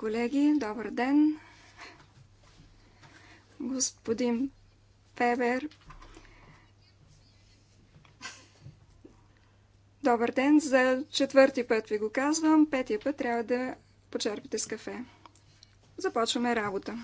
колеги, добър ден. Господин Пебер, добър ден. За четвърти път ви го казвам, петия път трябва да почерпите с кафе. Започваме работа.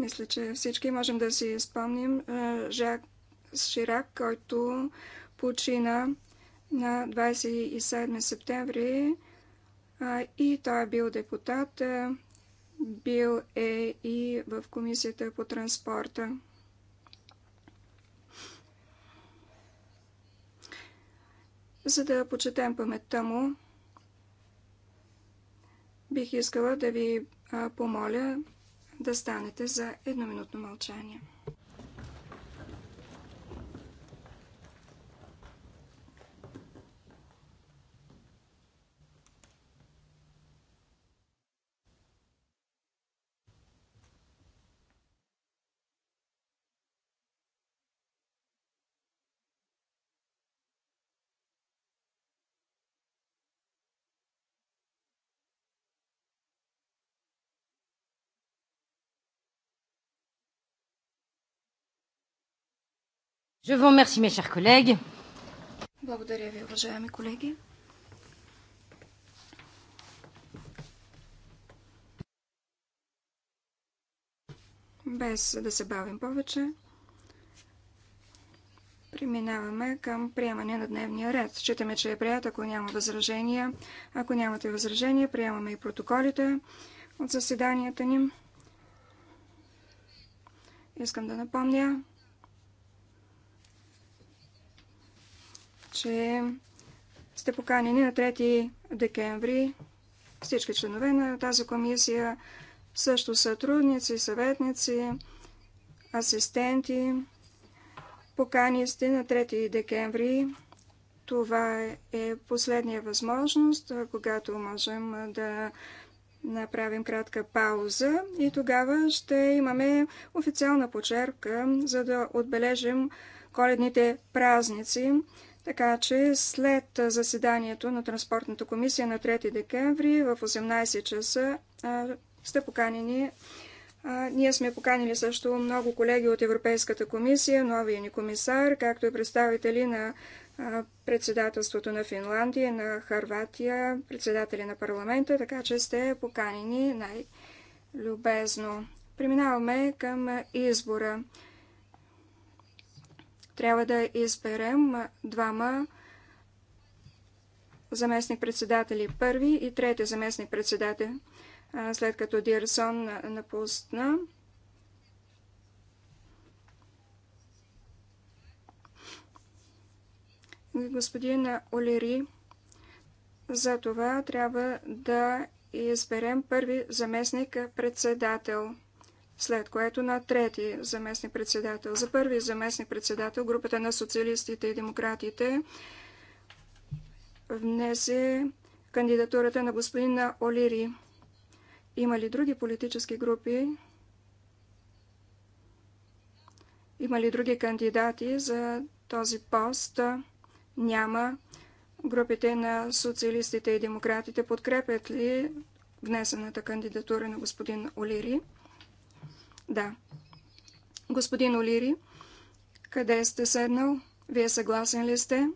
Мисля, че всички можем да си спомним Жак Ширак, който почина на 27 септември и той е бил депутат, бил е и в комисията по транспорта. За да почетем паметта му, бих искала да ви помоля да станете за едноминутно мълчание. Je vous remercie, mes chers collègues. Благодаря ви, уважаеми колеги. Без да се бавим повече, преминаваме към приемане на дневния ред. Считаме, че е прият, ако няма възражения. Ако нямате възражения, приемаме и протоколите от заседанията ни. Искам да напомня, че сте поканени на 3 декември всички членове на тази комисия, също сътрудници, съветници, асистенти. Покани сте на 3 декември. Това е последния възможност, когато можем да направим кратка пауза и тогава ще имаме официална почерка, за да отбележим коледните празници. Така че след заседанието на Транспортната комисия на 3 декември в 18 часа сте поканени. Ние сме поканили също много колеги от Европейската комисия, новия ни комисар, както и представители на председателството на Финландия, на Харватия, председатели на парламента, така че сте поканени най-любезно. Преминаваме към избора трябва да изберем двама заместник-председатели първи и трети заместник-председател, след като Дирсон напусна. Господин Олери, за това трябва да изберем първи заместник-председател след което на трети заместник председател. За първи заместник председател групата на социалистите и демократите внесе кандидатурата на господин Олири. Има ли други политически групи? Има ли други кандидати за този пост? Няма. Групите на социалистите и демократите подкрепят ли внесената кандидатура на господин Олири? Да. Господин Олири, къде сте седнал? Вие съгласен ли сте?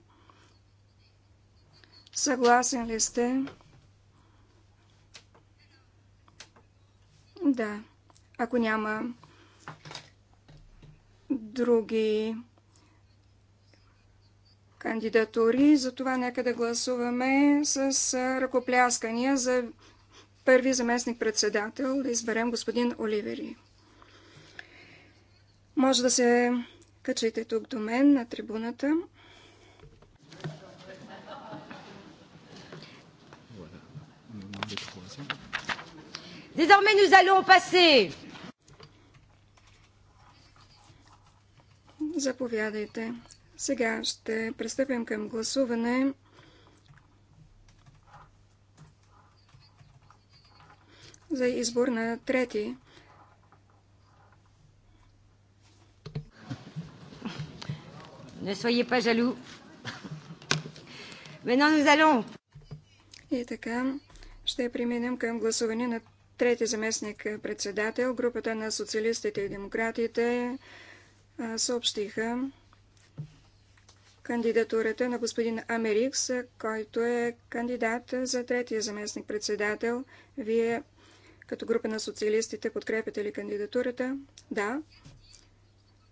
Съгласен ли сте? Да. Ако няма други кандидатури, за това нека да гласуваме с ръкопляскания за първи заместник председател да изберем господин Оливери. Може да се качите тук до мен на трибуната. Désormais, nous allons passer. Заповядайте. Сега ще пристъпим към гласуване. за избор на трети Не soyez pas jaloux. Maintenant, nous allons. И така, ще преминем към гласуване на трети заместник председател. Групата на социалистите и демократите съобщиха кандидатурата на господин Америкс, който е кандидат за третия заместник председател. Вие като група на социалистите подкрепяте ли кандидатурата? Да.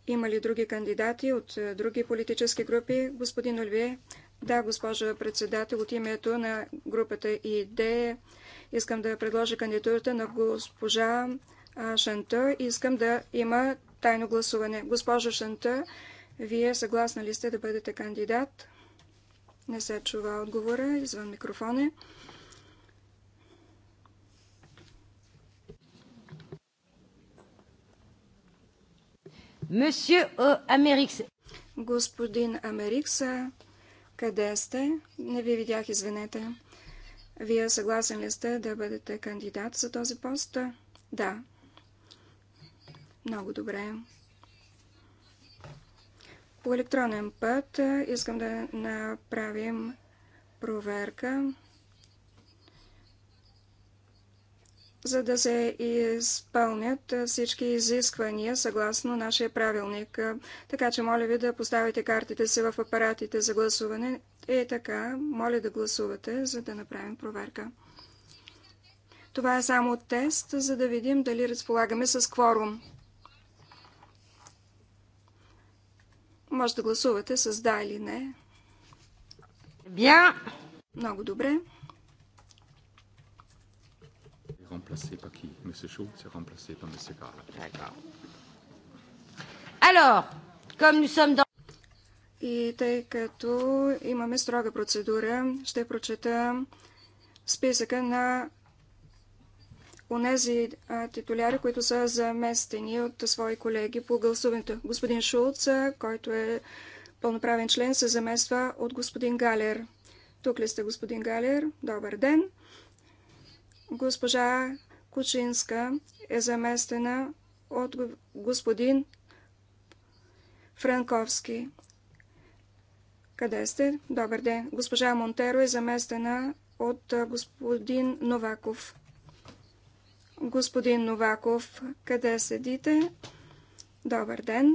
Има ли други кандидати от е, други политически групи? Господин Ольвие? да, госпожа председател, от името на групата ИД искам да предложа кандидатурата на госпожа Шанта. И Искам да има тайно гласуване. Госпожа Шанта, вие съгласна ли сте да бъдете кандидат? Не се чува отговора извън микрофона. Monsieur Америкс. Euh, Господин Америкс, къде сте? Не ви видях, извинете. Вие съгласен ли сте да бъдете кандидат за този пост? Да. Много добре. По електронен път е, искам да направим проверка. за да се изпълнят всички изисквания съгласно нашия правилник. Така че моля ви да поставите картите си в апаратите за гласуване. И така, моля да гласувате, за да направим проверка. Това е само тест, за да видим дали разполагаме с кворум. Може да гласувате с да или не. Бя! Много добре remplacé par qui Monsieur Schulz est remplacé par Monsieur Gala. D'accord. Alors, comme nous sommes dans... И тъй като имаме строга процедура, ще прочета списъка на онези титуляри, които са заместени от свои колеги по гласуването. Господин Шулц, който е пълноправен член, се замества от господин Галер. Тук ли сте, господин Галер? Добър ден! Госпожа Кучинска е заместена от господин Франковски. Къде сте? Добър ден. Госпожа Монтеро е заместена от господин Новаков. Господин Новаков, къде седите? Добър ден.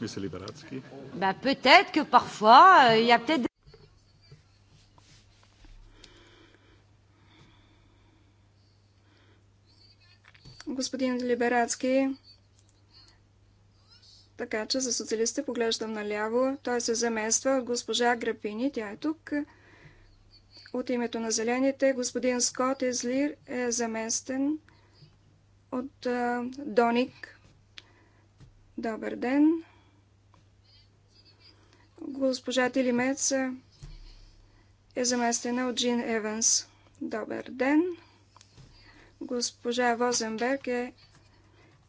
Мисля Либерацки. Bah, peut-être que parfois, euh, господин Либерацки. Така че за социалистите поглеждам наляво. Той се замества госпожа Грапини. Тя е тук. От името на зелените господин Скот Езлир е заместен от а, Доник. Добър ден. Госпожа Тилимец е заместена от Джин Еванс. Добър ден. Госпожа Возенберг е,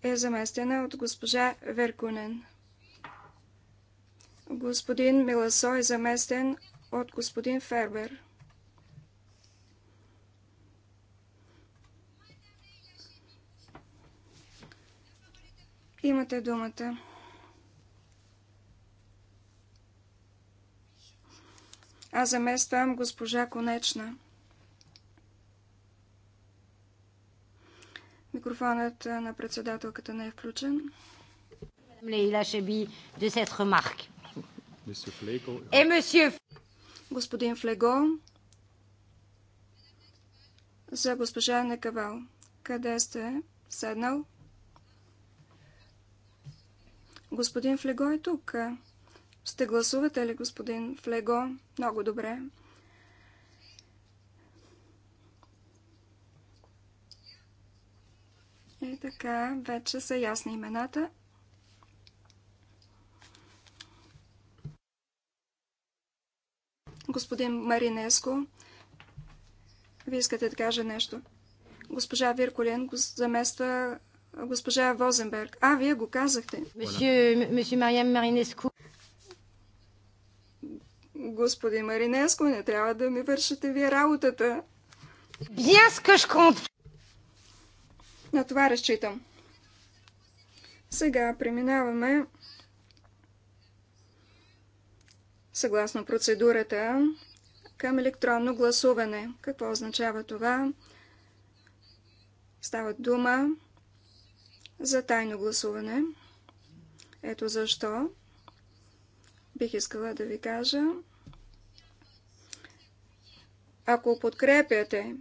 е заместена от госпожа Веркунен. Господин Миласо е заместен от господин Фербер. Имате думата. Аз замествам госпожа Конечна. Микрофонът на председателката не е включен. Господин Флего за госпожа Некавал. Къде сте седнал? Господин Флего е тук. Ще гласувате ли, господин Флего? Много добре. така вече са ясни имената. Господин Маринеско, вие искате да кажа нещо. Госпожа Вирколин, го замества госпожа Возенберг. А, вие го казахте. Месье Мариан Маринеско. Господин Маринеско, не трябва да ми вършите вие работата. Bien ce на това разчитам. Сега преминаваме съгласно процедурата към електронно гласуване. Какво означава това? Става дума за тайно гласуване. Ето защо бих искала да ви кажа. Ако подкрепяте,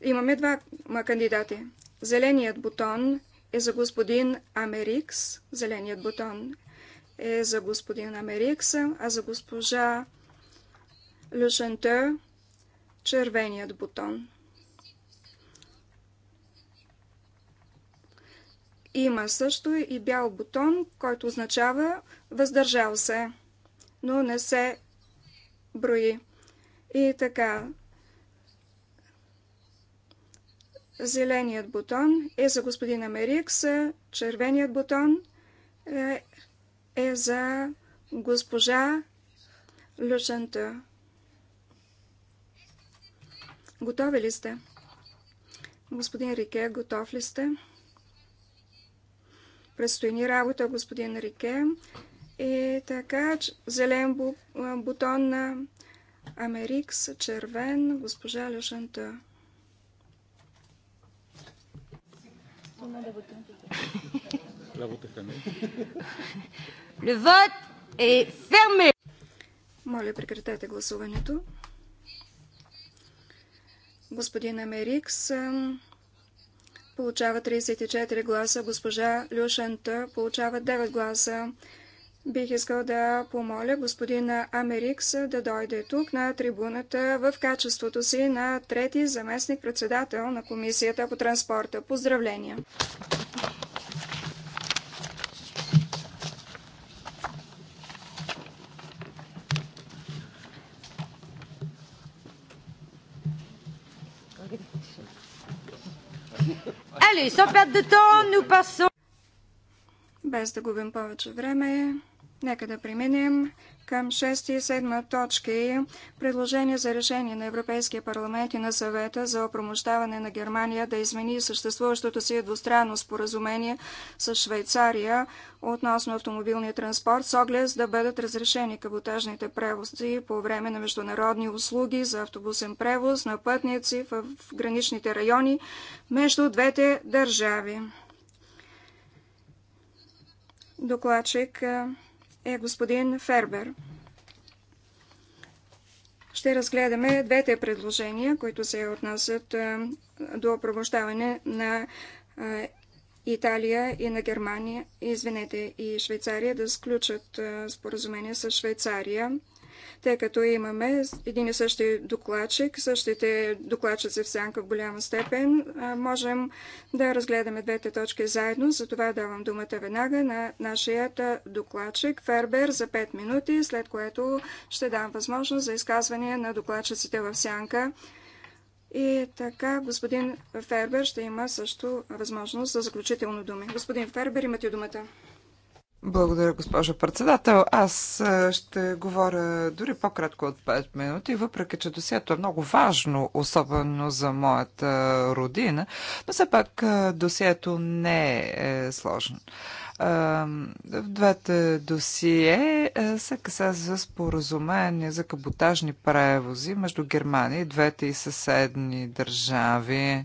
имаме два кандидати. Зеленият бутон е за господин Америкс. Зеленият бутон е за господин Америкс, а за госпожа Люшентър червеният бутон. Има също и бял бутон, който означава въздържал се, но не се брои. И така, Зеленият бутон е за господин Америкс, червеният бутон е, е за госпожа Люшанта. Готови ли сте? Господин Рике, готов ли сте? Предстои ни работа, господин Рике. И така, зелен бутон на Америкс, червен, госпожа Люшанта. Le vote est fermé. Моля, прекратете гласуването. Господин Америкс получава 34 гласа, госпожа Люшента получава 9 гласа, Бих искал да помоля господина Америкс да дойде тук на трибуната в качеството си на трети заместник-председател на Комисията по транспорта. Поздравления! Без да губим повече време, Нека да преминем към 6 и 7 точки. Предложение за решение на Европейския парламент и на съвета за опромощаване на Германия да измени съществуващото си двустранно споразумение с Швейцария относно автомобилния транспорт с оглед да бъдат разрешени каботажните превози по време на международни услуги за автобусен превоз на пътници в граничните райони между двете държави. Докладчик е господин Фербер. Ще разгледаме двете предложения, които се отнасят е, до опровощаване на е, Италия и на Германия, извинете, и Швейцария да сключат е, споразумение с Швейцария тъй като имаме един и същи докладчик, същите докладчици в сянка в голяма степен, можем да разгледаме двете точки заедно. Затова давам думата веднага на нашия докладчик Фербер за 5 минути, след което ще дам възможност за изказване на докладчиците в сянка. И така, господин Фербер ще има също възможност за заключително думи. Господин Фербер, имате думата. Благодаря, госпожо председател. Аз ще говоря дори по-кратко от 5 минути, въпреки че досието е много важно, особено за моята родина, но все пак досието не е, е сложно. В двете досие се каса за споразумение за каботажни превози между Германия и двете и съседни държави.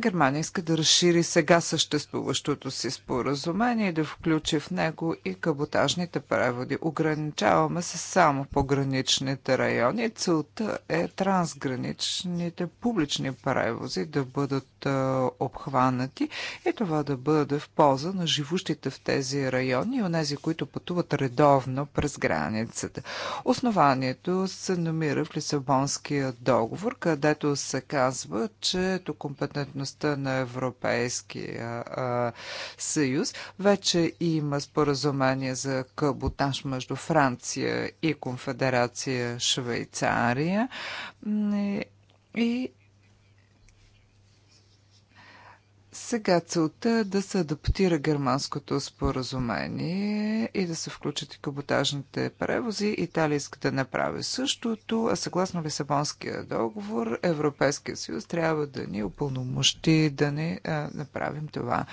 Германия иска да разшири сега съществуващото си споразумение и да включи в него и каботажните преводи. Ограничаваме се само по граничните райони. Целта е трансграничните публични превози да бъдат а, обхванати и това да бъде в полза на живущите в тези райони и онези, които пътуват редовно през границата. Основанието се намира в Лисабонския договор, където се казва, че компетентно дейността на Европейския съюз. Вече има споразумение за каботаж между Франция и Конфедерация Швейцария. И Сега целта е да се адаптира германското споразумение и да се включат и каботажните превози. Италия иска да направи същото, а съгласно Лисабонския договор Европейския съюз трябва да ни опълномощи да не направим това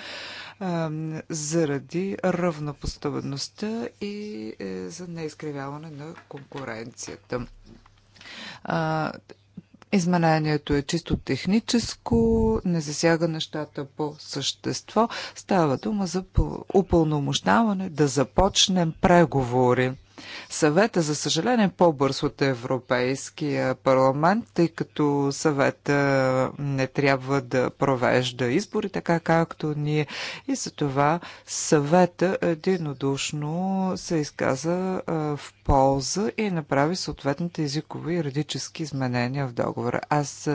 а, заради равнопоставеността и е, за неизкривяване на конкуренцията. А, Изменението е чисто техническо, не засяга нещата по същество. Става дума за упълномощаване да започнем преговори. Съвета, за съжаление, е по-бързо от Европейския парламент, тъй като съвета не трябва да провежда избори, така както ние. И за това съвета единодушно се изказа в полза и направи съответните езикови и юридически изменения в договора. Аз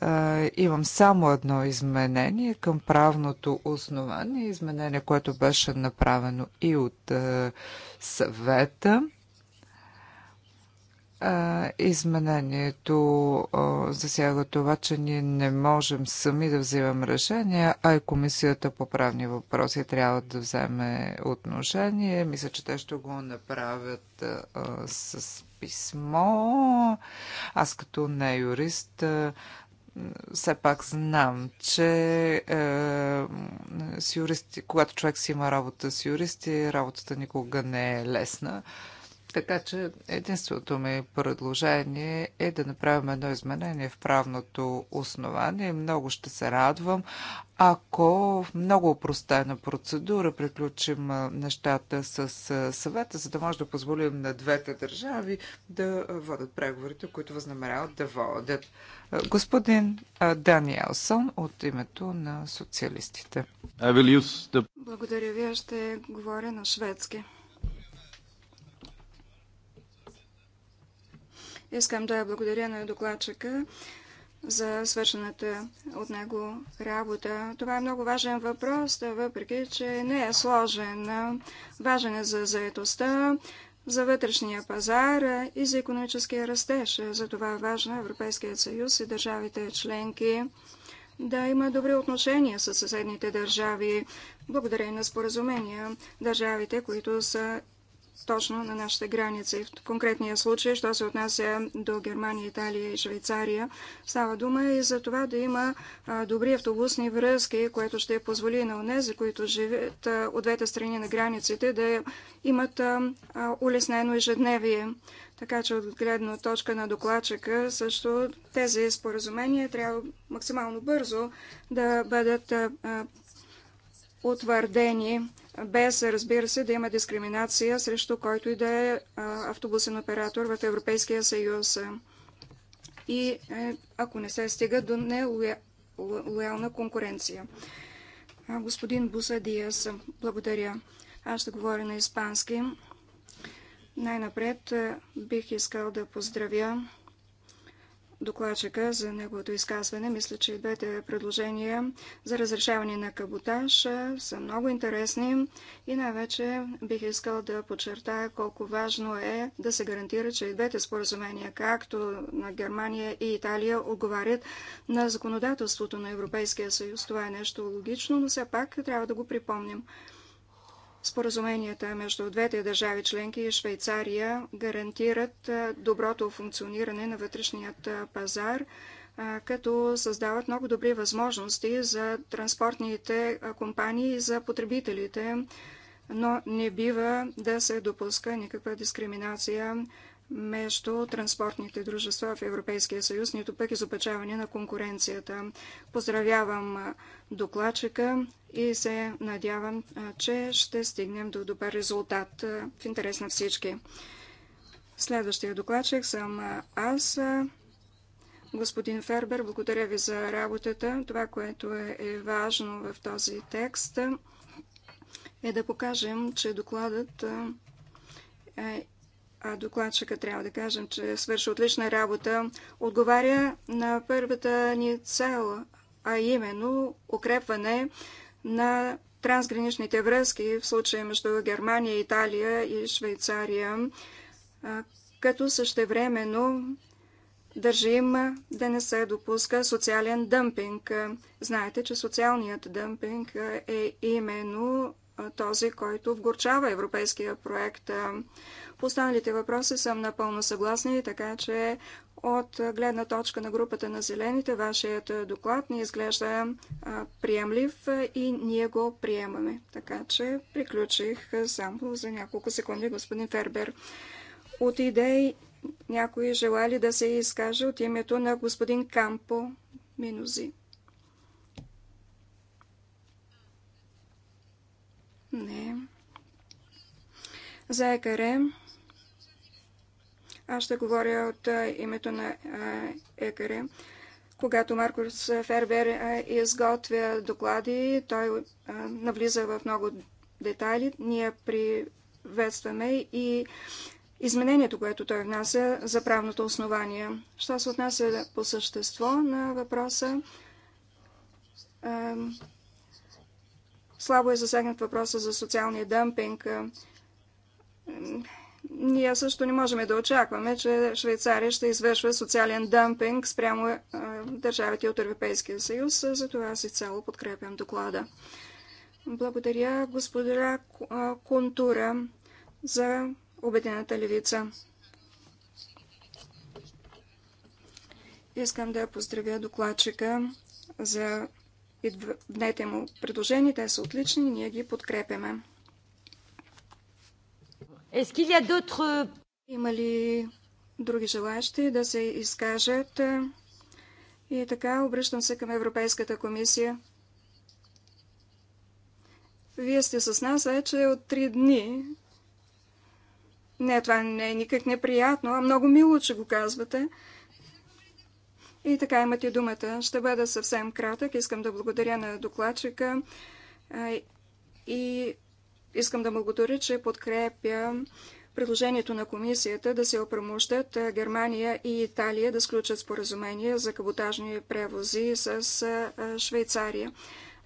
а, имам само едно изменение към правното основание, изменение, което беше направено и от а, съвета изменението засяга това, че ние не можем сами да взимам решения, а и Комисията по правни въпроси трябва да вземе отношение. Мисля, че те ще го направят с писмо. Аз като не юрист все пак знам, че с юристи, когато човек си има работа с юристи, работата никога не е лесна. Така че единственото ми предложение е да направим едно изменение в правното основание. Много ще се радвам, ако в много простена процедура приключим нещата с съвета, за да може да позволим на двете държави да водят преговорите, които възнамеряват да водят. Господин Даниелсон от името на социалистите. The... Благодаря ви, аз ще говоря на шведски. Искам да благодаря на докладчика за свършената от него работа. Това е много важен въпрос, да въпреки че не е сложен. Важен е за заетостта, за вътрешния пазар и за економическия растеж. За това е важно Европейският съюз и държавите членки да има добри отношения с съседните държави, благодарение на споразумения. Държавите, които са точно на нашите граници. В конкретния случай, що се отнася до Германия, Италия и Швейцария, става дума и за това да има добри автобусни връзки, което ще позволи на онези, които живеят от двете страни на границите, да имат улеснено ежедневие. Така че от гледна точка на докладчика също тези споразумения трябва максимално бързо да бъдат утвърдени без, разбира се, да има дискриминация срещу който и да е автобусен оператор в Европейския съюз. И е, ако не се стига до нелоялна конкуренция. Господин Буса Диас, благодаря. Аз ще говоря на испански. Най-напред е, бих искал да поздравя докладчика за неговото изказване. Мисля, че и двете предложения за разрешаване на каботаж са много интересни и най-вече бих искал да подчертая колко важно е да се гарантира, че и двете споразумения, както на Германия и Италия, отговарят на законодателството на Европейския съюз. Това е нещо логично, но все пак трябва да го припомним. Споразуменията между двете държави членки и Швейцария гарантират доброто функциониране на вътрешният пазар, като създават много добри възможности за транспортните компании и за потребителите, но не бива да се допуска никаква дискриминация между транспортните дружества в Европейския съюз, нито пък изопечаване на конкуренцията. Поздравявам докладчика и се надявам, че ще стигнем до добър резултат в интерес на всички. Следващия докладчик съм аз. Господин Фербер, благодаря ви за работата. Това, което е, е важно в този текст е да покажем, че докладът е а докладчика трябва да кажем, че свърши отлична работа, отговаря на първата ни цел, а именно укрепване на трансграничните връзки в случая между Германия, Италия и Швейцария, като същевременно държим да не се допуска социален дъмпинг. Знаете, че социалният дъмпинг е именно този, който вгорчава европейския проект. По останалите въпроси съм напълно съгласна и така, че от гледна точка на групата на зелените, вашият е, доклад ни изглежда е, приемлив е, и ние го приемаме. Така че приключих само за няколко секунди, господин Фербер. От идеи някои желали да се изкаже от името на господин Кампо Минузи. Не. За екаре аз ще говоря от името на ЕКАРЕ. Когато Маркус Фербер изготвя доклади, той навлиза в много детайли. Ние приветстваме и изменението, което той внася за правното основание. Що се отнася по същество на въпроса, слабо е засегнат въпроса за социалния дъмпинг. Ние също не можем да очакваме, че Швейцария ще извършва социален дъмпинг спрямо е, държавите от Европейския съюз. Затова аз цяло подкрепям доклада. Благодаря господаря Контура за Обедената левица. Искам да поздравя докладчика за днете му предложения. Те са отлични, ние ги подкрепяме. Има ли други желащи да се изкажат? И така, обръщам се към Европейската комисия. Вие сте с нас вече от три дни. Не, това не е никак неприятно, а много мило, че го казвате. И така имате думата. Ще бъда съвсем кратък. Искам да благодаря на докладчика и искам да благодаря, че подкрепя предложението на комисията да се опромощат Германия и Италия да сключат споразумение за каботажни превози с Швейцария.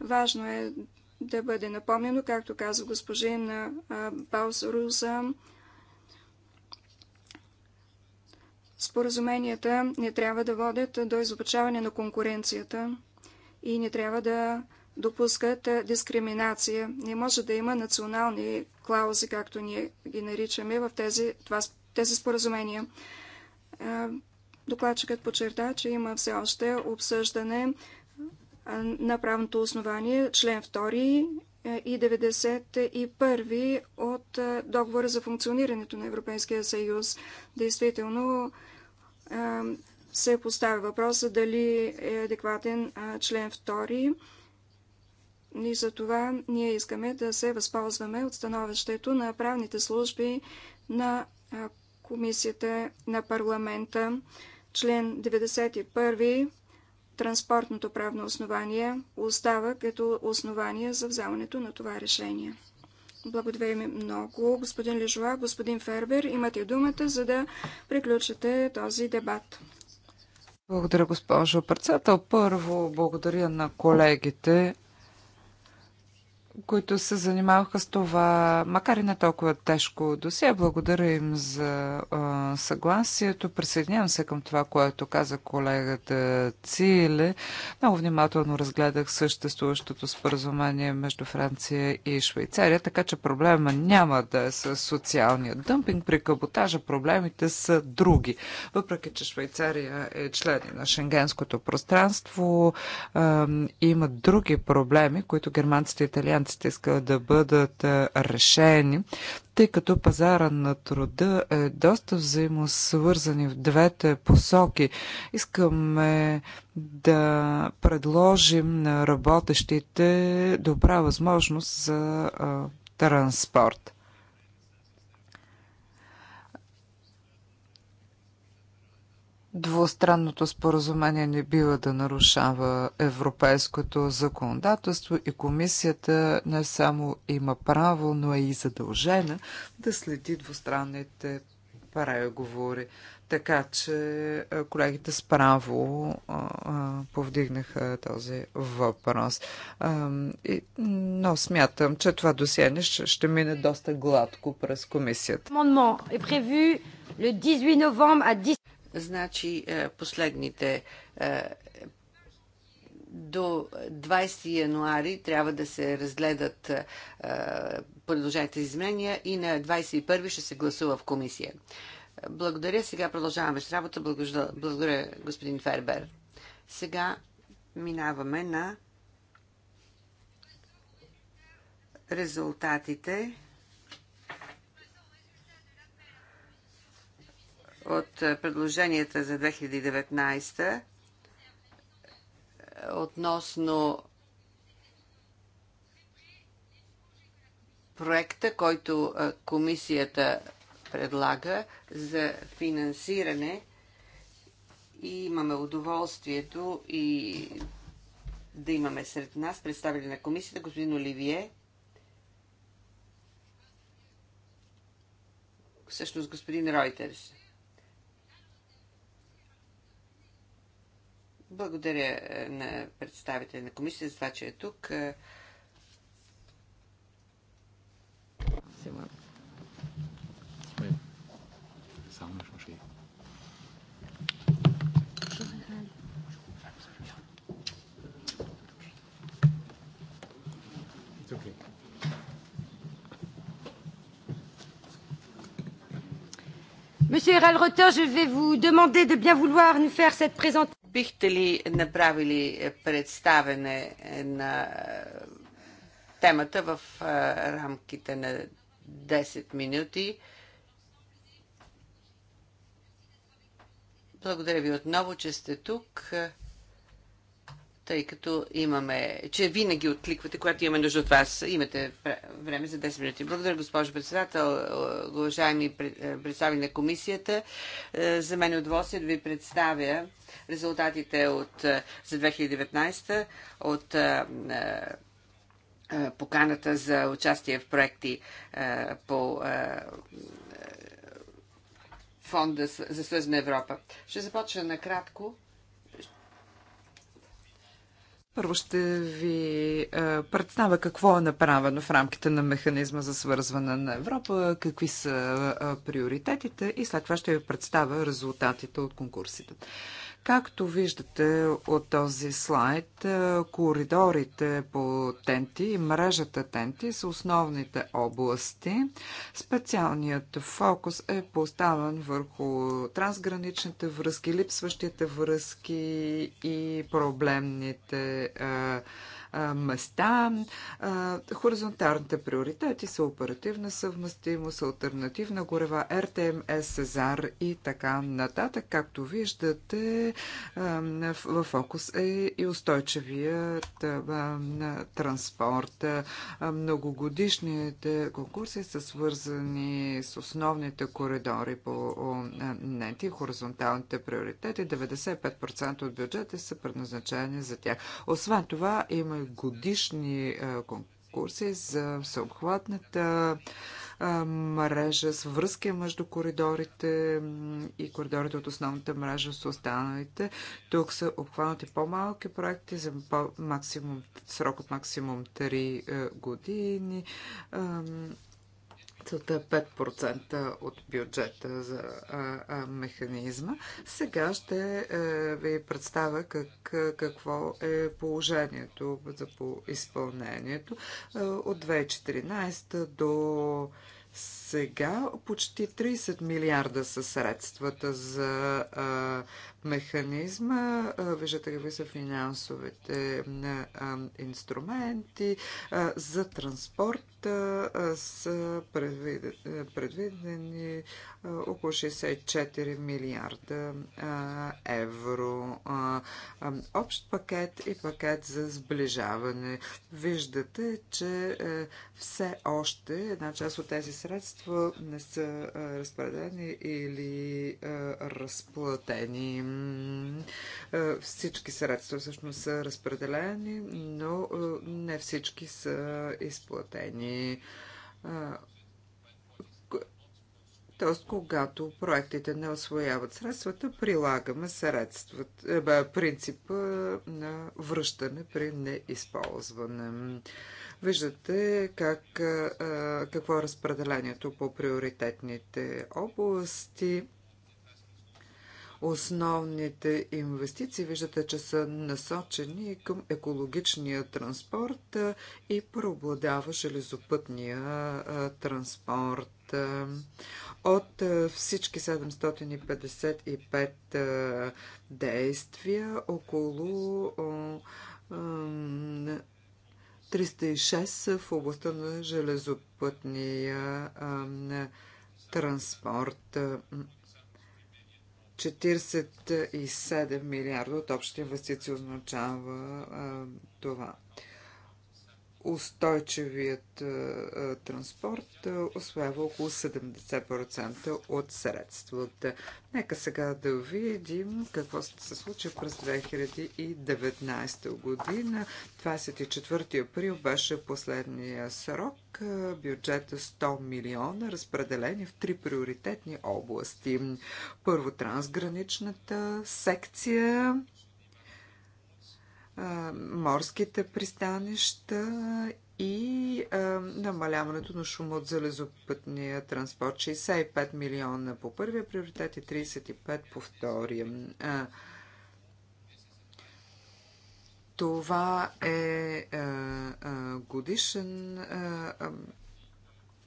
Важно е да бъде напомнено, както каза госпожин Баусруза, споразуменията не трябва да водят до изобачаване на конкуренцията и не трябва да допускат дискриминация. Не може да има национални клаузи, както ние ги наричаме в тези, това, тези споразумения. Докладчикът подчерта, че има все още обсъждане на правното основание, член 2 и 91 от договора за функционирането на Европейския съюз. Действително се поставя въпроса дали е адекватен член 2 и за това ние искаме да се възползваме от становището на правните служби на Комисията на парламента, член 91, транспортното правно основание, остава като основание за вземането на това решение. Благодаря ви много, господин Лежуа, господин Фербер. Имате думата, за да приключите този дебат. Благодаря, госпожо председател. Първо, благодаря на колегите които се занимаваха с това, макар и не толкова тежко досие. Благодаря им за а, съгласието. Присъединявам се към това, което каза колегата Циле. Много внимателно разгледах съществуващото споразумение между Франция и Швейцария, така че проблема няма да е с социалния дъмпинг. При каботажа проблемите са други. Въпреки, че Швейцария е член на шенгенското пространство, а, има други проблеми, които германците и италианците американците искат да бъдат е, решени, тъй като пазара на труда е доста взаимосвързани в двете посоки. Искаме да предложим на работещите добра възможност за е, транспорт. Двустранното споразумение не бива да нарушава европейското законодателство и комисията не само има право, но е и задължена да следи двустранните преговори. Така че колегите справо повдигнаха този въпрос. Но смятам, че това досиене ще мине доста гладко през комисията. Значи е, последните е, до 20 януари трябва да се разгледат е, предложените изменения и на 21 ще се гласува в комисия. Благодаря. Сега продължаваме с работа. Благодаря, господин Фербер. Сега минаваме на резултатите от е, предложенията за 2019 е, относно проекта, който е, комисията предлага за финансиране и имаме удоволствието и да имаме сред нас представители на комисията господин Оливие. Всъщност господин Ройтерс. Благодаря на представителя на комисията за това, че е тук. Monsieur Ralrotter, je vais vous demander de bien vouloir nous faire cette présentation. Бихте ли направили е, представене е, на е, темата в рамките на 10 минути? Благодаря ви отново, че сте тук тъй като имаме, че винаги откликвате, когато имаме нужда от вас. Имате време за 10 минути. Благодаря, госпожо председател, уважаеми е, представители на комисията. Е, за мен е удоволствие да ви представя резултатите от, е, за 2019 от поканата за участие в проекти по фонда за Свързана Европа. Ще започна накратко първо ще ви представя какво е направено в рамките на механизма за свързване на Европа, какви са приоритетите и след това ще ви представя резултатите от конкурсите. Както виждате от този слайд, е, коридорите по тенти и мрежата тенти са основните области. Специалният фокус е поставен върху трансграничните връзки, липсващите връзки и проблемните е, места. Хоризонталните приоритети са оперативна съвместимост, альтернативна горева, РТМС, Сезар и така нататък. Както виждате, в фокус е и устойчивият транспорт. Многогодишните конкурси са свързани с основните коридори по нети, хоризонталните приоритети. 95% от бюджета са предназначени за тях. Освен това, има и годишни конкурси за всеобхватната мрежа, с връзки между коридорите и коридорите от основната мрежа с останалите. Тук са обхванати по-малки проекти за по- максимум, срок от максимум 3 години. Целта е 5% от бюджета за механизма. Сега ще е, ви представя как, какво е положението за по изпълнението е, от 2014 до сега почти 30 милиарда са средствата за а, механизма, виждате какви са финансовите инструменти за транспорта са предвидени около 64 милиарда евро. Общ пакет и пакет за сближаване. Виждате, че все още една част от тези средства не са разпределени или разплатени. Е, всички средства всъщност са разпределени, но е, не всички са изплатени. Е, тоест, когато проектите не освояват средствата, прилагаме средствата, принципа на връщане при неизползване. Виждате как, какво е разпределението по приоритетните области. Основните инвестиции виждате, че са насочени към екологичния транспорт и преобладава железопътния транспорт. От всички 755 действия, около 306 в областта на железопътния транспорт. 47 милиарда от общите инвестиции означава а, това устойчивият е, е, транспорт освоява е, около 70% от средствата. Нека сега да видим какво се случи през 2019 година. 24 април беше последния срок. Бюджета 100 милиона, разпределени в три приоритетни области. Първо трансграничната секция морските пристанища и а, намаляването на шума от залезопътния транспорт. 65 милиона по първия приоритет и 35 по втория. А, това е а, а, годишен а, а,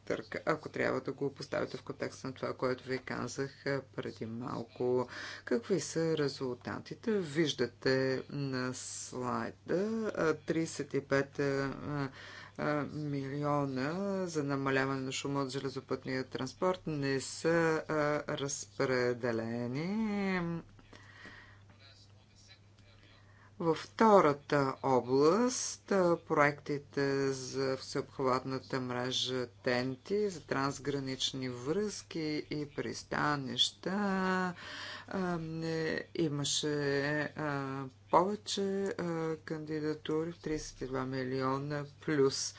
търка, ако трябва да го поставите в контекст на това, което ви казах преди малко. Какви са резултатите? Виждате на слайда 35 милиона за намаляване на шума от железопътния транспорт не са разпределени във втората област проектите за всеобхватната мрежа Тенти, за трансгранични връзки и пристанища имаше повече кандидатури, 32 милиона плюс.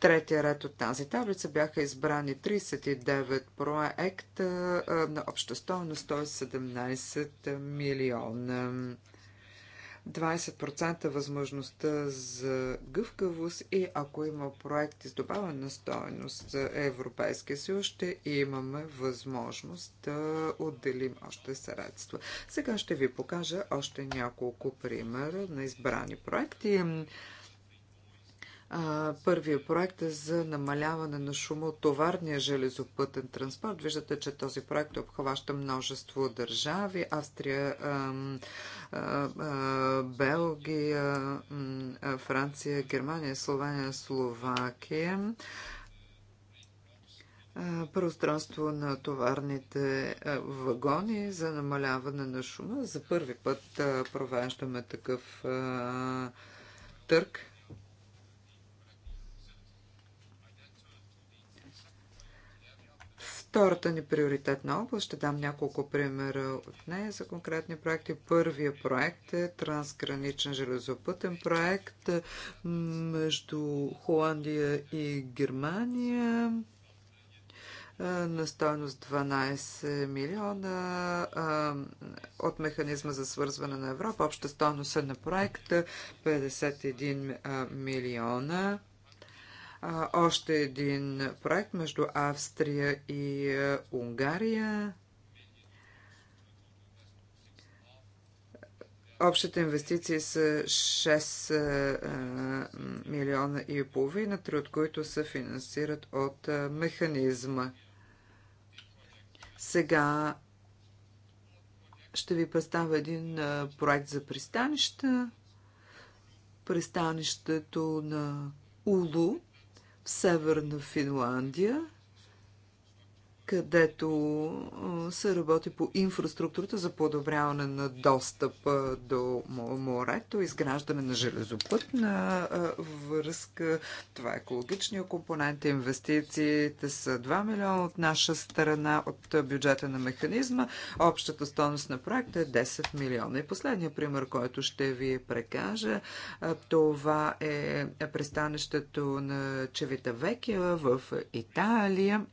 Третия ред от тази таблица бяха избрани 39 проекта на обща стоеност 117 милиона. 20% възможността за гъвкавост и ако има проекти с добавена стоеност за Европейския съюз, ще имаме възможност да отделим още средства. Сега ще ви покажа още няколко примера на избрани проекти. Първия проект е за намаляване на шума от товарния железопътен транспорт. Виждате, че този проект обхваща множество държави. Австрия, Белгия, Франция, Германия, Словения, Словакия Пространство на товарните вагони за намаляване на шума. За първи път провеждаме такъв търг. Втората ни приоритетна област, ще дам няколко примера от нея за конкретни проекти. Първия проект е трансграничен железопътен проект е, между Холандия и Германия е, на стоеност 12 милиона а, е, от механизма за свързване на Европа. Обща стоеност на проекта 51 милиона а, още един проект между Австрия и е, Унгария. Общите инвестиции са 6 а, е, е, милиона и половина, три от които се финансират от а, механизма. Сега ще ви представя един а, проект за пристанища. Пристанището на Улу Северна Финландия където се работи по инфраструктурата за подобряване на достъп до морето, изграждане на железопътна връзка. Това е екологичния компонент. Инвестициите са 2 милиона от наша страна от бюджета на механизма. Общата стоеност на проекта е 10 милиона. И последният пример, който ще ви прекажа, това е, е пристанището на Чевита Векия в Италия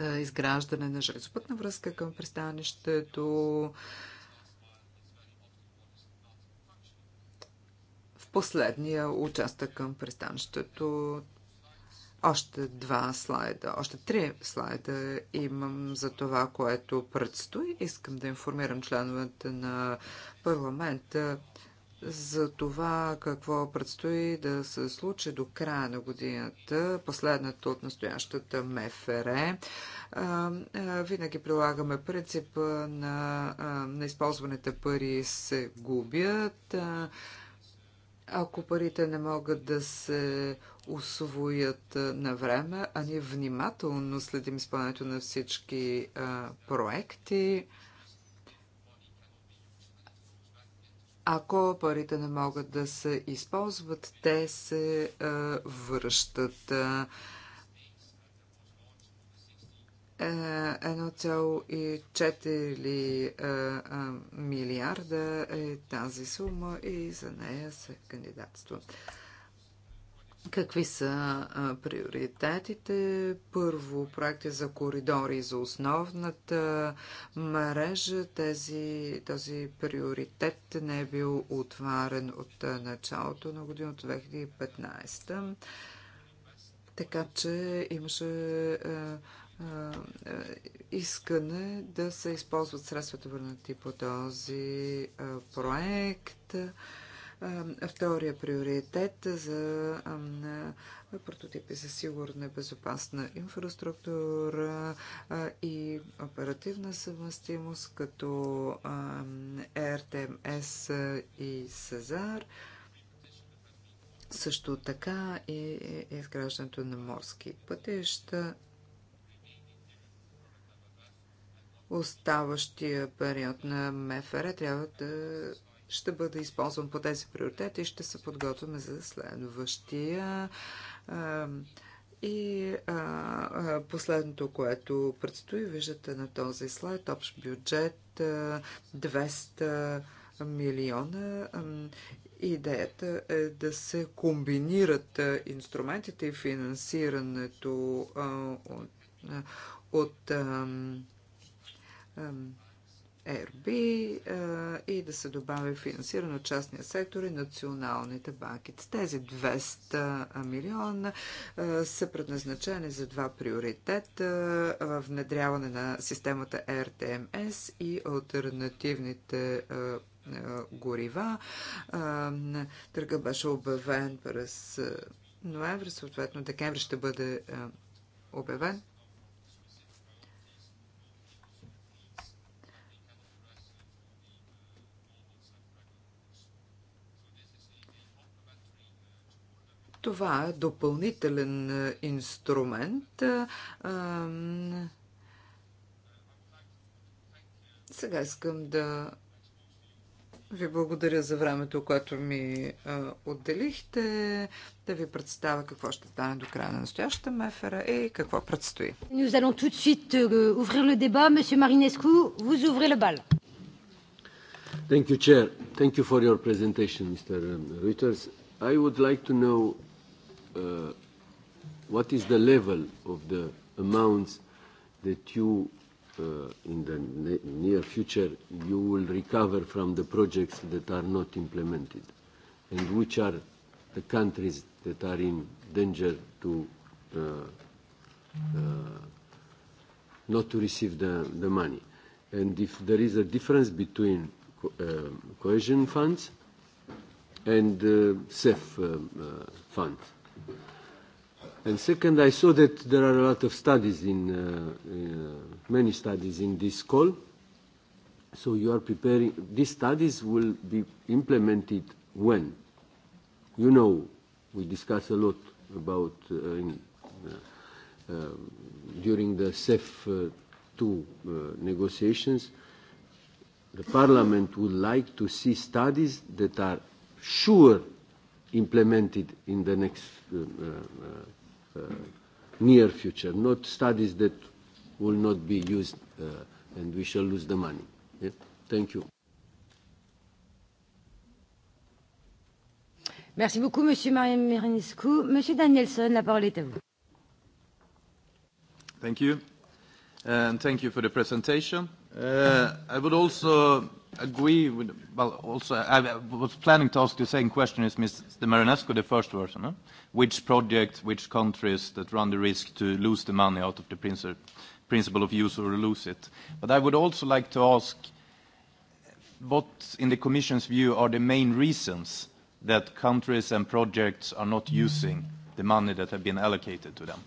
изграждане на железопътна връзка към пристанището. В последния участък към пристанището още два слайда, още три слайда имам за това, което предстои. Искам да информирам членовете на парламента за това какво предстои да се случи до края на годината, последната от настоящата МФР. Винаги прилагаме принципа на, на използваните пари се губят. Ако парите не могат да се освоят на време, а ние внимателно следим изпълнението на всички проекти, Ако парите не могат да се използват, те се връщат. 1,4 е, милиарда е тази сума и за нея се кандидатства. Какви са а, приоритетите? Първо, проекти за коридори за основната мрежа. Тези, този приоритет не е бил отварен от началото на годината 2015. Така че имаше а, а, искане да се използват средствата върнати по този проект. Втория приоритет за прототипи за сигурна и безопасна инфраструктура и оперативна съвместимост, като RTMS и Сезар. Също така и изграждането на морски пътища оставащия период на МФР трябва да ще бъде използван по тези приоритети и ще се подготвяме за следващия. И последното, което предстои, виждате на този слайд, общ бюджет 200 милиона. Идеята е да се комбинират инструментите и финансирането от, от ЕРБ и да се добави финансиране от частния сектор и националните банки. Тези 200 милиона са предназначени за два приоритета внедряване на системата РТМС и альтернативните горива. Търга беше обявен през ноември, съответно декември ще бъде обявен. Това е допълнителен инструмент. Сега искам да ви благодаря за времето, което ми отделихте, да ви представя какво ще стане до края на настоящата мефера и какво предстои. Nous allons tout de suite euh, ouvrir le débat. Monsieur Marinescu, vous ouvrez le bal. Thank you, Chair. Thank you for your presentation, Mr. Um, Reuters. I would like to know uh, what is the level of the amounts that you, uh, in the near future, you will recover from the projects that are not implemented? And which are the countries that are in danger to uh, uh, not to receive the, the money? And if there is a difference between co uh, cohesion funds and uh, CEF um, uh, funds, And second, I saw that there are a lot of studies in, uh, uh, many studies in this call. So you are preparing, these studies will be implemented when? You know, we discuss a lot about uh, in, uh, uh, during the CEF uh, two uh, negotiations, the Parliament would like to see studies that are sure implemented in the next uh, uh, uh, near future, not studies that will not be used uh, and we shall lose the money. Yeah? Thank you. Merci beaucoup, Monsieur Mariam Merinescu. Monsieur Danielson, la parole est à vous. Thank you. And thank you for the presentation. Uh, I would also agree with, well, also, I was planning to ask the same question as Mr. Marinescu, the first version, huh? which project, which countries that run the risk to lose the money out of the princi principle of use or lose it. But I would also like to ask what, in the Commission's view, are the main reasons that countries and projects are not using the money that have been allocated to them?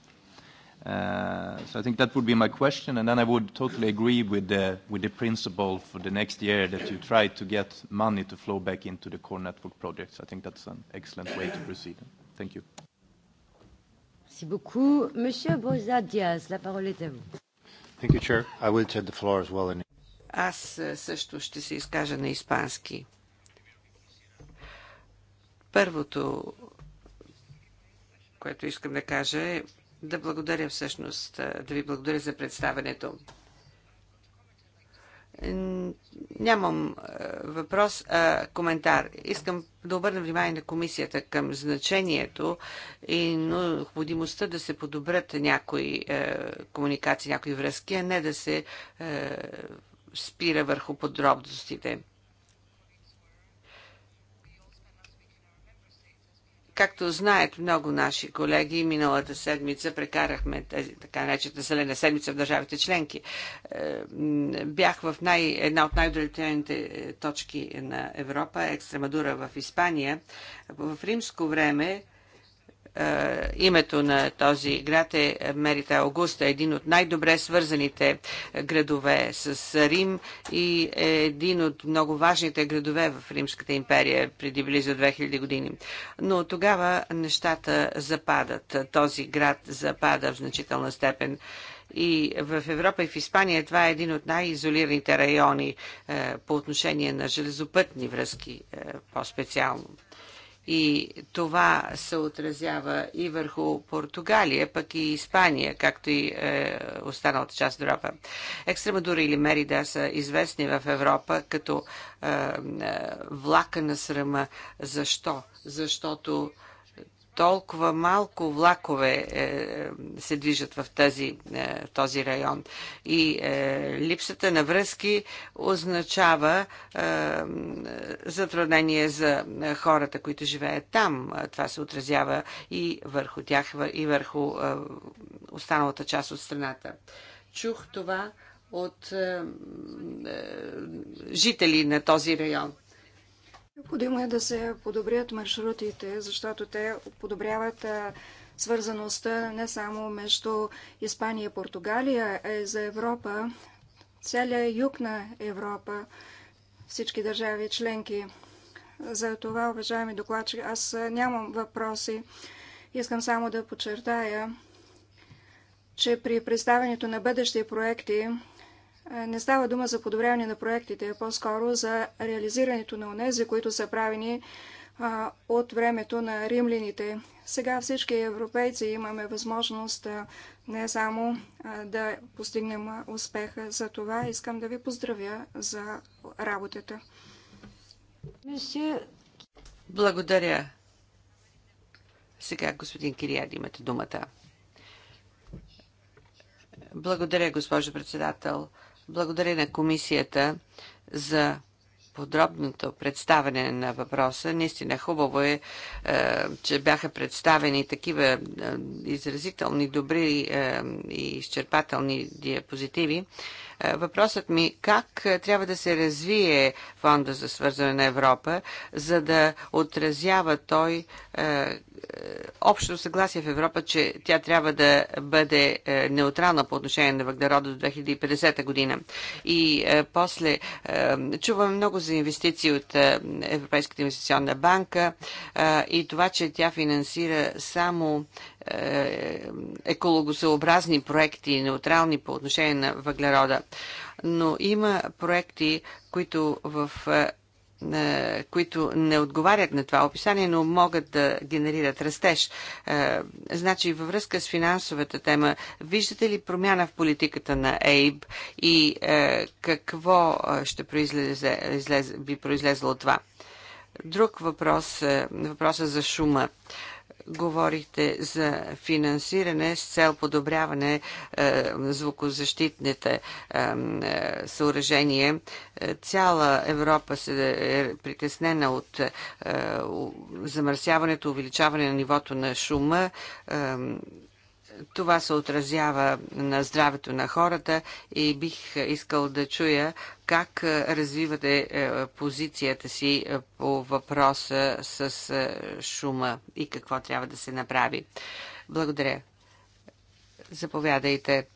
I think that would be my question, and then I would totally agree with the, with the principle for the next year that you try to get money to flow back into the core network projects. I think that's an excellent way to proceed. Thank you. Merci beaucoup. Monsieur Boza Diaz, la parole est à vous. Thank you, Chair. I will take the floor as well in... Аз също ще се изкажа на испански. Първото, което искам да кажа е, да благодаря всъщност, да ви благодаря за представенето. Нямам въпрос, а коментар. Искам да обърна внимание на комисията към значението и необходимостта да се подобрят някои комуникации, някои връзки, а не да се спира върху подробностите. Както знаят много наши колеги, миналата седмица прекарахме тези, така наречената зелена седмица в държавите членки. Е, бях в най, една от най-удовлетворените е, точки на Европа, Екстремадура в Испания. В римско време е, името на този град е Мерита Аугуста, един от най-добре свързаните градове с Рим и е един от много важните градове в Римската империя преди близо 2000 години. Но тогава нещата западат. Този град запада в значителна степен. И в Европа и в Испания това е един от най-изолираните райони е, по отношение на железопътни връзки е, по-специално. И това се отразява и върху Португалия, пък и Испания, както и е, останалата част от Европа. Екстремадура или Мерида са известни в Европа като е, е, влака на срама. Защо? Защото е, толкова малко влакове е, е, се движат в тази, е, този район. И е, липсата на връзки означава затруднение за хората, които живеят там. Това се отразява и върху тях, и върху останалата част от страната. Чух това от жители на този район. Необходимо е да се подобрят маршрутите, защото те подобряват свързаността не само между Испания и Португалия, а и за Европа, целият юг на Европа, всички държави членки. За това, уважаеми докладчик, аз нямам въпроси. Искам само да подчертая, че при представянето на бъдещи проекти е, не става дума за подобряване на проектите, а по-скоро за реализирането на онези, които са правени е, от времето на римляните. Сега всички европейци имаме възможност е, не само да постигнем успеха. За това искам да ви поздравя за работата. Благодаря. Сега, господин Кириад, имате думата. Благодаря, госпожо председател. Благодаря на комисията за подробното представяне на въпроса. Наистина хубаво е, е че бяха представени такива е, изразителни, добри е, и изчерпателни диапозитиви. Е, въпросът ми как е, трябва да се развие фонда за свързване на Европа, за да отразява той е, общо съгласие в Европа, че тя трябва да бъде неутрална по отношение на въглерода до 2050 година. И после чуваме много за инвестиции от Европейската инвестиционна банка и това, че тя финансира само е, екологосъобразни проекти, неутрални по отношение на въглерода. Но има проекти, които в е, е, които не отговарят на това описание, но могат да генерират растеж. Значи, във връзка с финансовата тема, виждате ли промяна в политиката на ЕИБ и какво ще произлезе, би произлезло от това? Друг въпрос, въпросът за шума говорихте за финансиране с цел подобряване е, звукозащитните е, е съоръжения. Е, цяла Европа се е притеснена от е, замърсяването, увеличаване на нивото на шума. Е, това се отразява на здравето на хората и бих искал да чуя как е, развивате е, позицията си е, по въпроса с шума и какво трябва да се направи. Благодаря. Заповядайте.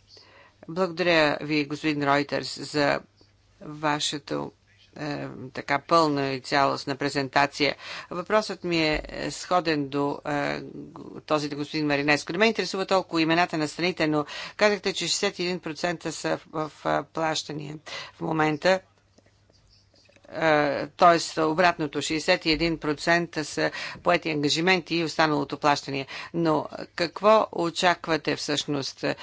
Благодаря ви, господин Ройтерс, за вашето е, така пълна и цялостна презентация. Въпросът ми е сходен до е, този до господин Маринеско. Не ме интересува толкова имената на страните, но казахте, че 61% са в, в плащания в момента т.е. обратното 61% са поети ангажименти и останалото плащане. Но какво очаквате всъщност? Е,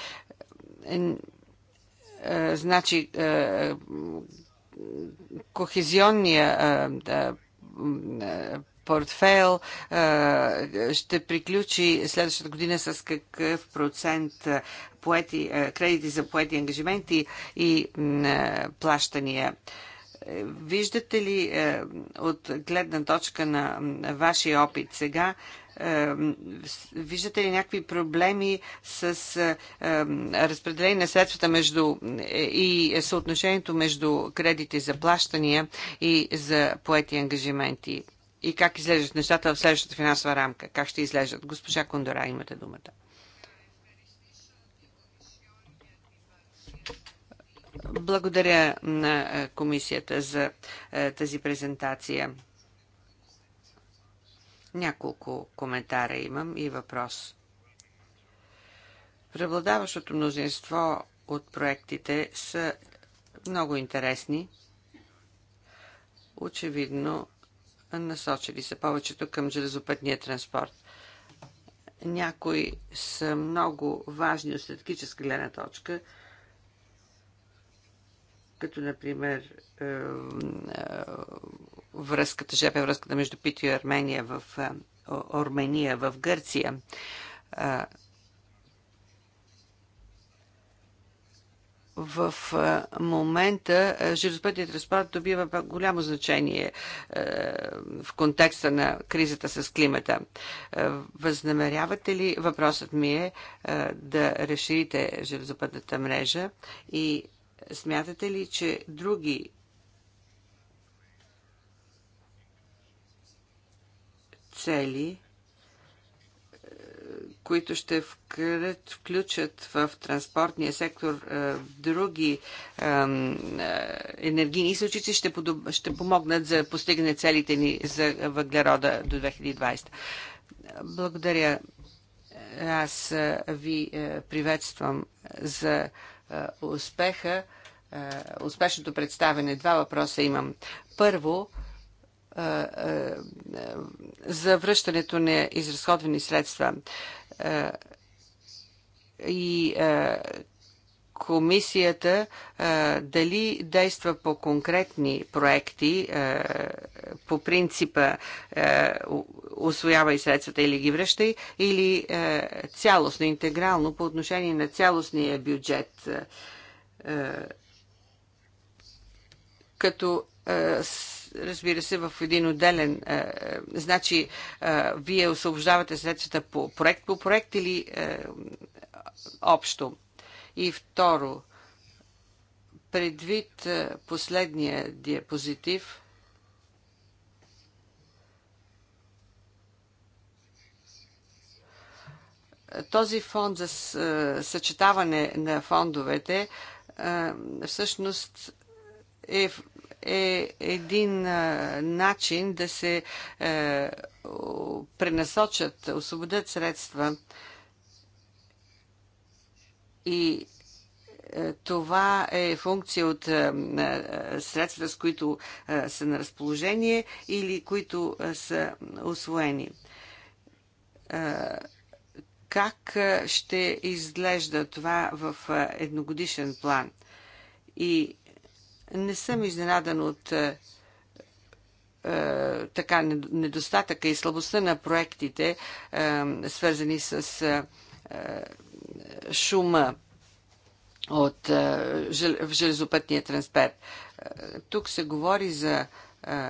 значи, е, кохезионния портфейл ще приключи следващата година с какъв процент поети, кредити за поети ангажименти и плащания. Виждате ли от гледна точка на вашия опит сега виждате ли някакви проблеми с разпределение на средствата между е, и съотношението между кредити за плащания и за поети ангажименти? И как излежат нещата в следващата финансова рамка? Как ще излежат? Госпожа Кондора, имате думата. Благодаря на е, комисията за е, тази презентация. Няколко коментара имам и въпрос. Преобладаващото мнозинство от проектите са много интересни. Очевидно, насочили са повечето към железопътния транспорт. Някои са много важни от стратегическа гледна точка, като например е, връзката, ЖП връзката между Питио и Армения в Армения в Гърция. в момента железопътният транспорт добива голямо значение в контекста на кризата с климата. Възнамерявате ли, въпросът ми е, да разширите железопътната мрежа и смятате ли, че други цели, е, които ще включат в транспортния сектор е, други е, енергийни източници, ще, ще помогнат за постигане целите ни за въглерода до 2020. Благодаря. Аз ви приветствам за успеха, успешното представене. Два въпроса имам. Първо, за връщането на изразходвани средства. И комисията дали действа по конкретни проекти, по принципа освоявай средствата или ги връщай, или цялостно, интегрално по отношение на цялостния бюджет. като разбира се, в един отделен... Е, е, значи, е, вие освобождавате средствата по проект по проект или е, общо? И второ, предвид е, последния диапозитив, този фонд за е, съчетаване на фондовете всъщност е е един начин да се е, пренасочат, освободят средства. И е, това е функция от е, средства, с които са на разположение или които са освоени. как ще изглежда това в едногодишен план? И не съм изненадан от е, е, така недостатъка и слабостта на проектите, е, свързани с е, е шума от е, в железопътния транспорт. Е, тук се говори за е,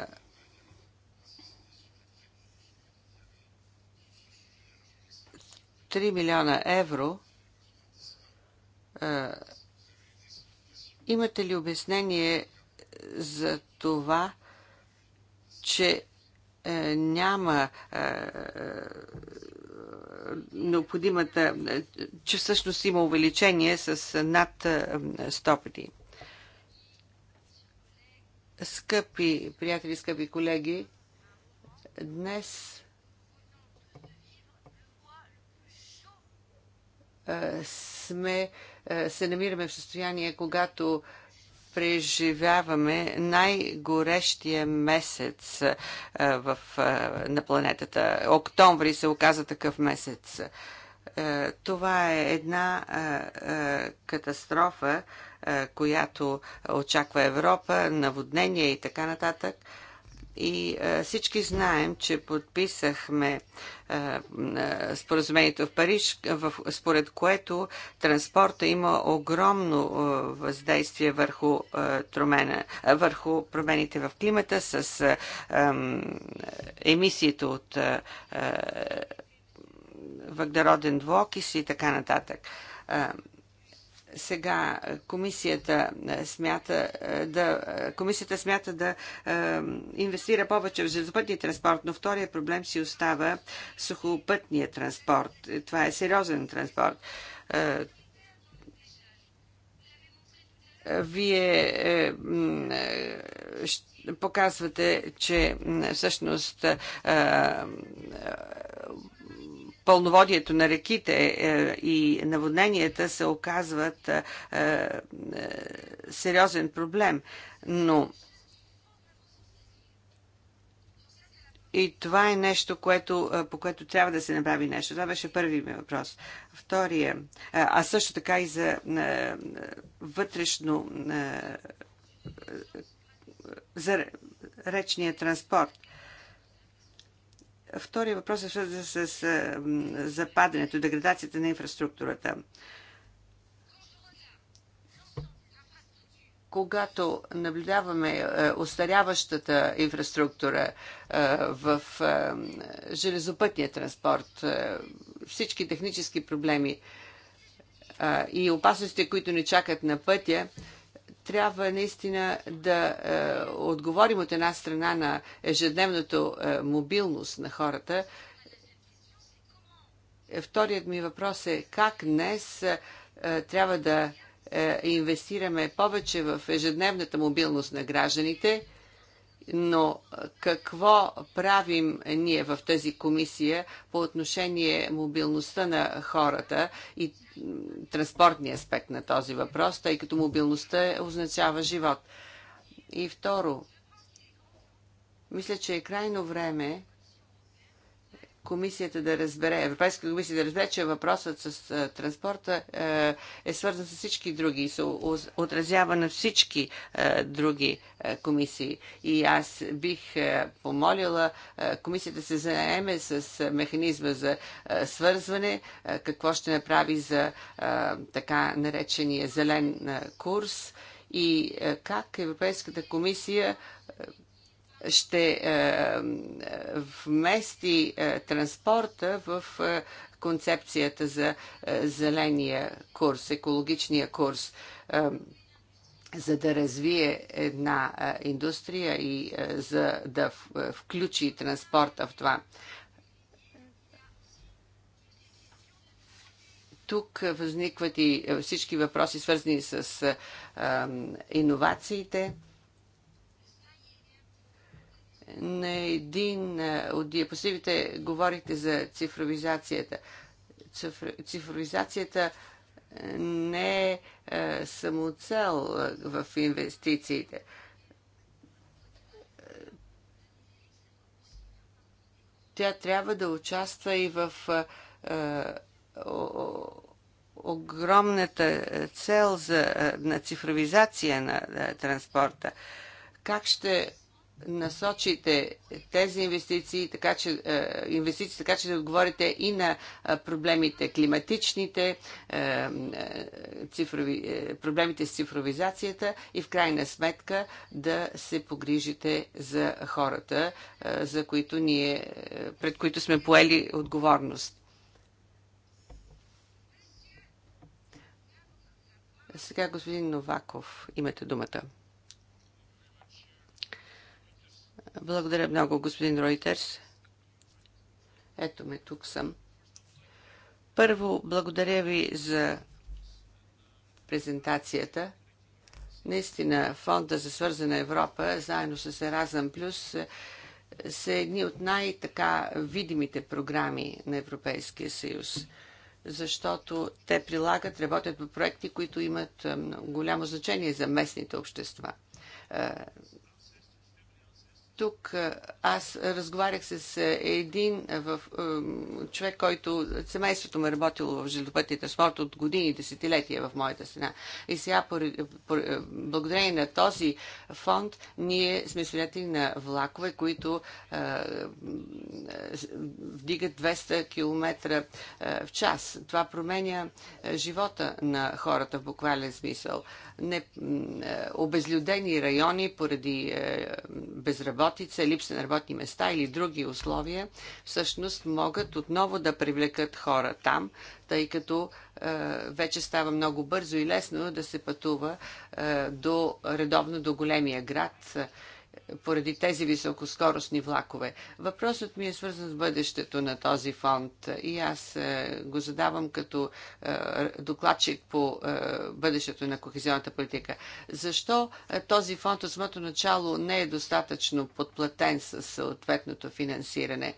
три милиона евро Имате ли обяснение е, за това, че е, няма е, е необходимата, е, че всъщност има увеличение с над 100 пъти? Скъпи приятели, скъпи колеги, днес сме е, се намираме в състояние, когато преживяваме най-горещия месец е, в, е, на планетата. Октомври се оказа такъв месец. Това е една катастрофа, която очаква Европа, наводнения и така нататък. И а, всички знаем, че подписахме а, споразумението в Париж, в, според което транспорта има огромно а, въздействие върху, а, тромена, а, върху промените в климата с а, а, емисиите от а, а, въглероден двуокис и така нататък. А, сега е, комисията е, смята е, да, комисията смята да е, инвестира повече в железопътния транспорт, но втория проблем си остава сухопътния транспорт. Това е сериозен транспорт. вие е, показвате, че всъщност пълноводието на реките е, и наводненията се оказват е, е, сериозен проблем. Но И това е нещо, което, по което трябва да се направи нещо. Това беше първи ми въпрос. Втория. А също така и за вътрешно за речния транспорт. Втория въпрос е свързан с западането, деградацията на инфраструктурата. когато наблюдаваме остаряващата инфраструктура в железопътния транспорт, всички технически проблеми и опасности, които ни чакат на пътя, трябва наистина да е, отговорим от една страна на ежедневното е, мобилност на хората. Вторият ми въпрос е как днес е, трябва да е, инвестираме повече в ежедневната мобилност на гражданите но какво правим ние в тази комисия по отношение мобилността на хората и транспортния аспект на този въпрос, тъй като мобилността означава живот? И второ, мисля, че е крайно време комисията да разбере, Европейската комисия да разбере, че въпросът с транспорта е свързан с всички други и се отразява на всички други комисии. И аз бих помолила комисията да се заеме с механизма за свързване, какво ще направи за така наречения зелен курс и как Европейската комисия ще е, вмести е, транспорта в е, концепцията за зеления курс, екологичния курс за да развие една индустрия и за да включи транспорта в това. Тук възникват и всички въпроси, свързани с иновациите. На един от диапозитивите говорихте за цифровизацията. Цифровизацията не е самоцел в инвестициите. Тя трябва да участва и в огромната цел за, на цифровизация на транспорта. Как ще насочите тези инвестиции, така че, е, инвестиции, така че да отговорите и на е, проблемите климатичните, е, цифрови, проблемите с цифровизацията и в крайна сметка да се погрижите за хората, за които ние, пред които сме поели отговорност. Сега господин Новаков, имате думата. Благодаря много, господин Ройтерс. Ето ме, тук съм. Първо, благодаря ви за презентацията. Наистина, Фонда за свързана Европа, заедно с Еразъм Плюс, са едни от най-така видимите програми на Европейския съюз, защото те прилагат, работят по проекти, които имат голямо значение за местните общества, е, тук аз разговарях с един в, човек, който семейството му е работило в железопътния транспорт от години, десетилетия в моята страна. И сега, по, по, благодарение на този фонд, ние сме свидетели на влакове, които вдигат 200 км в час. Това променя живота на хората в буквален смисъл. Не, обезлюдени райони поради безработица безработица, липса на работни места или други условия, всъщност могат отново да привлекат хора там, тъй като е, вече става много бързо и лесно да се пътува е, до, редовно до големия град. Е, поради тези високоскоростни влакове. Въпросът ми е свързан с бъдещето на този фонд и аз е, го задавам като е, докладчик по е, бъдещето на кохезионната политика. Защо този фонд от самото начало не е достатъчно подплатен с съответното финансиране?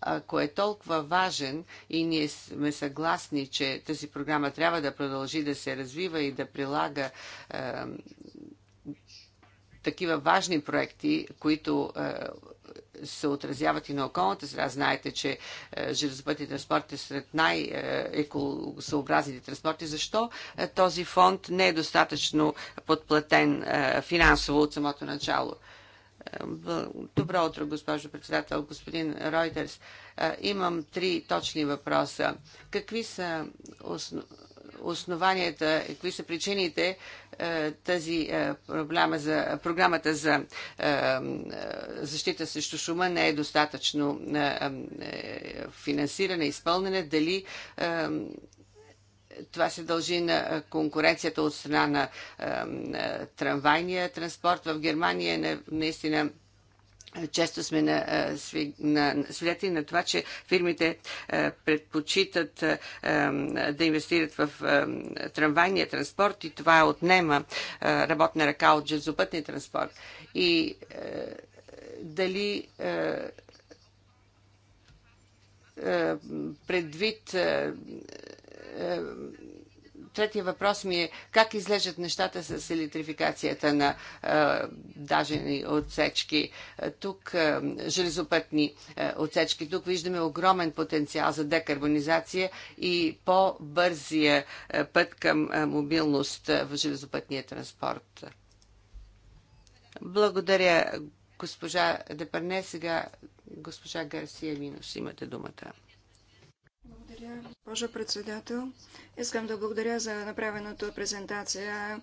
ако е толкова важен и ние сме съгласни, че тази програма трябва да продължи да се развива и да прилага такива важни проекти, които е, се отразяват и на околната среда. Знаете, че е, железопътни транспорти са сред най-екосъобразните транспорти. Защо е, този фонд не е достатъчно подплатен финансово от самото начало? Добро утро, госпожо председател, господин Ройтерс. Имам три точни въпроса. Какви са основ основанията, какви са причините е, тази е, проблема за, програмата за е, защита срещу шума не е достатъчно финансирана, изпълнена, дали това се дължи на конкуренцията от страна на, на трамвайния транспорт в Германия. Наистина често сме на, на, свидетели на това, че фирмите предпочитат да инвестират в трамвайния транспорт и това отнема работна ръка от железопътния транспорт. И дали предвид Третия въпрос ми е как излежат нещата с електрификацията на е, дажени отсечки. Тук железопътни отсечки. Тук виждаме огромен потенциал за декарбонизация и по-бързия път към мобилност в железопътния транспорт. Благодаря, госпожа Депарне. Сега госпожа Гарсия Минус. Имате думата. Благодаря, госпожо председател. Искам да благодаря за направената презентация.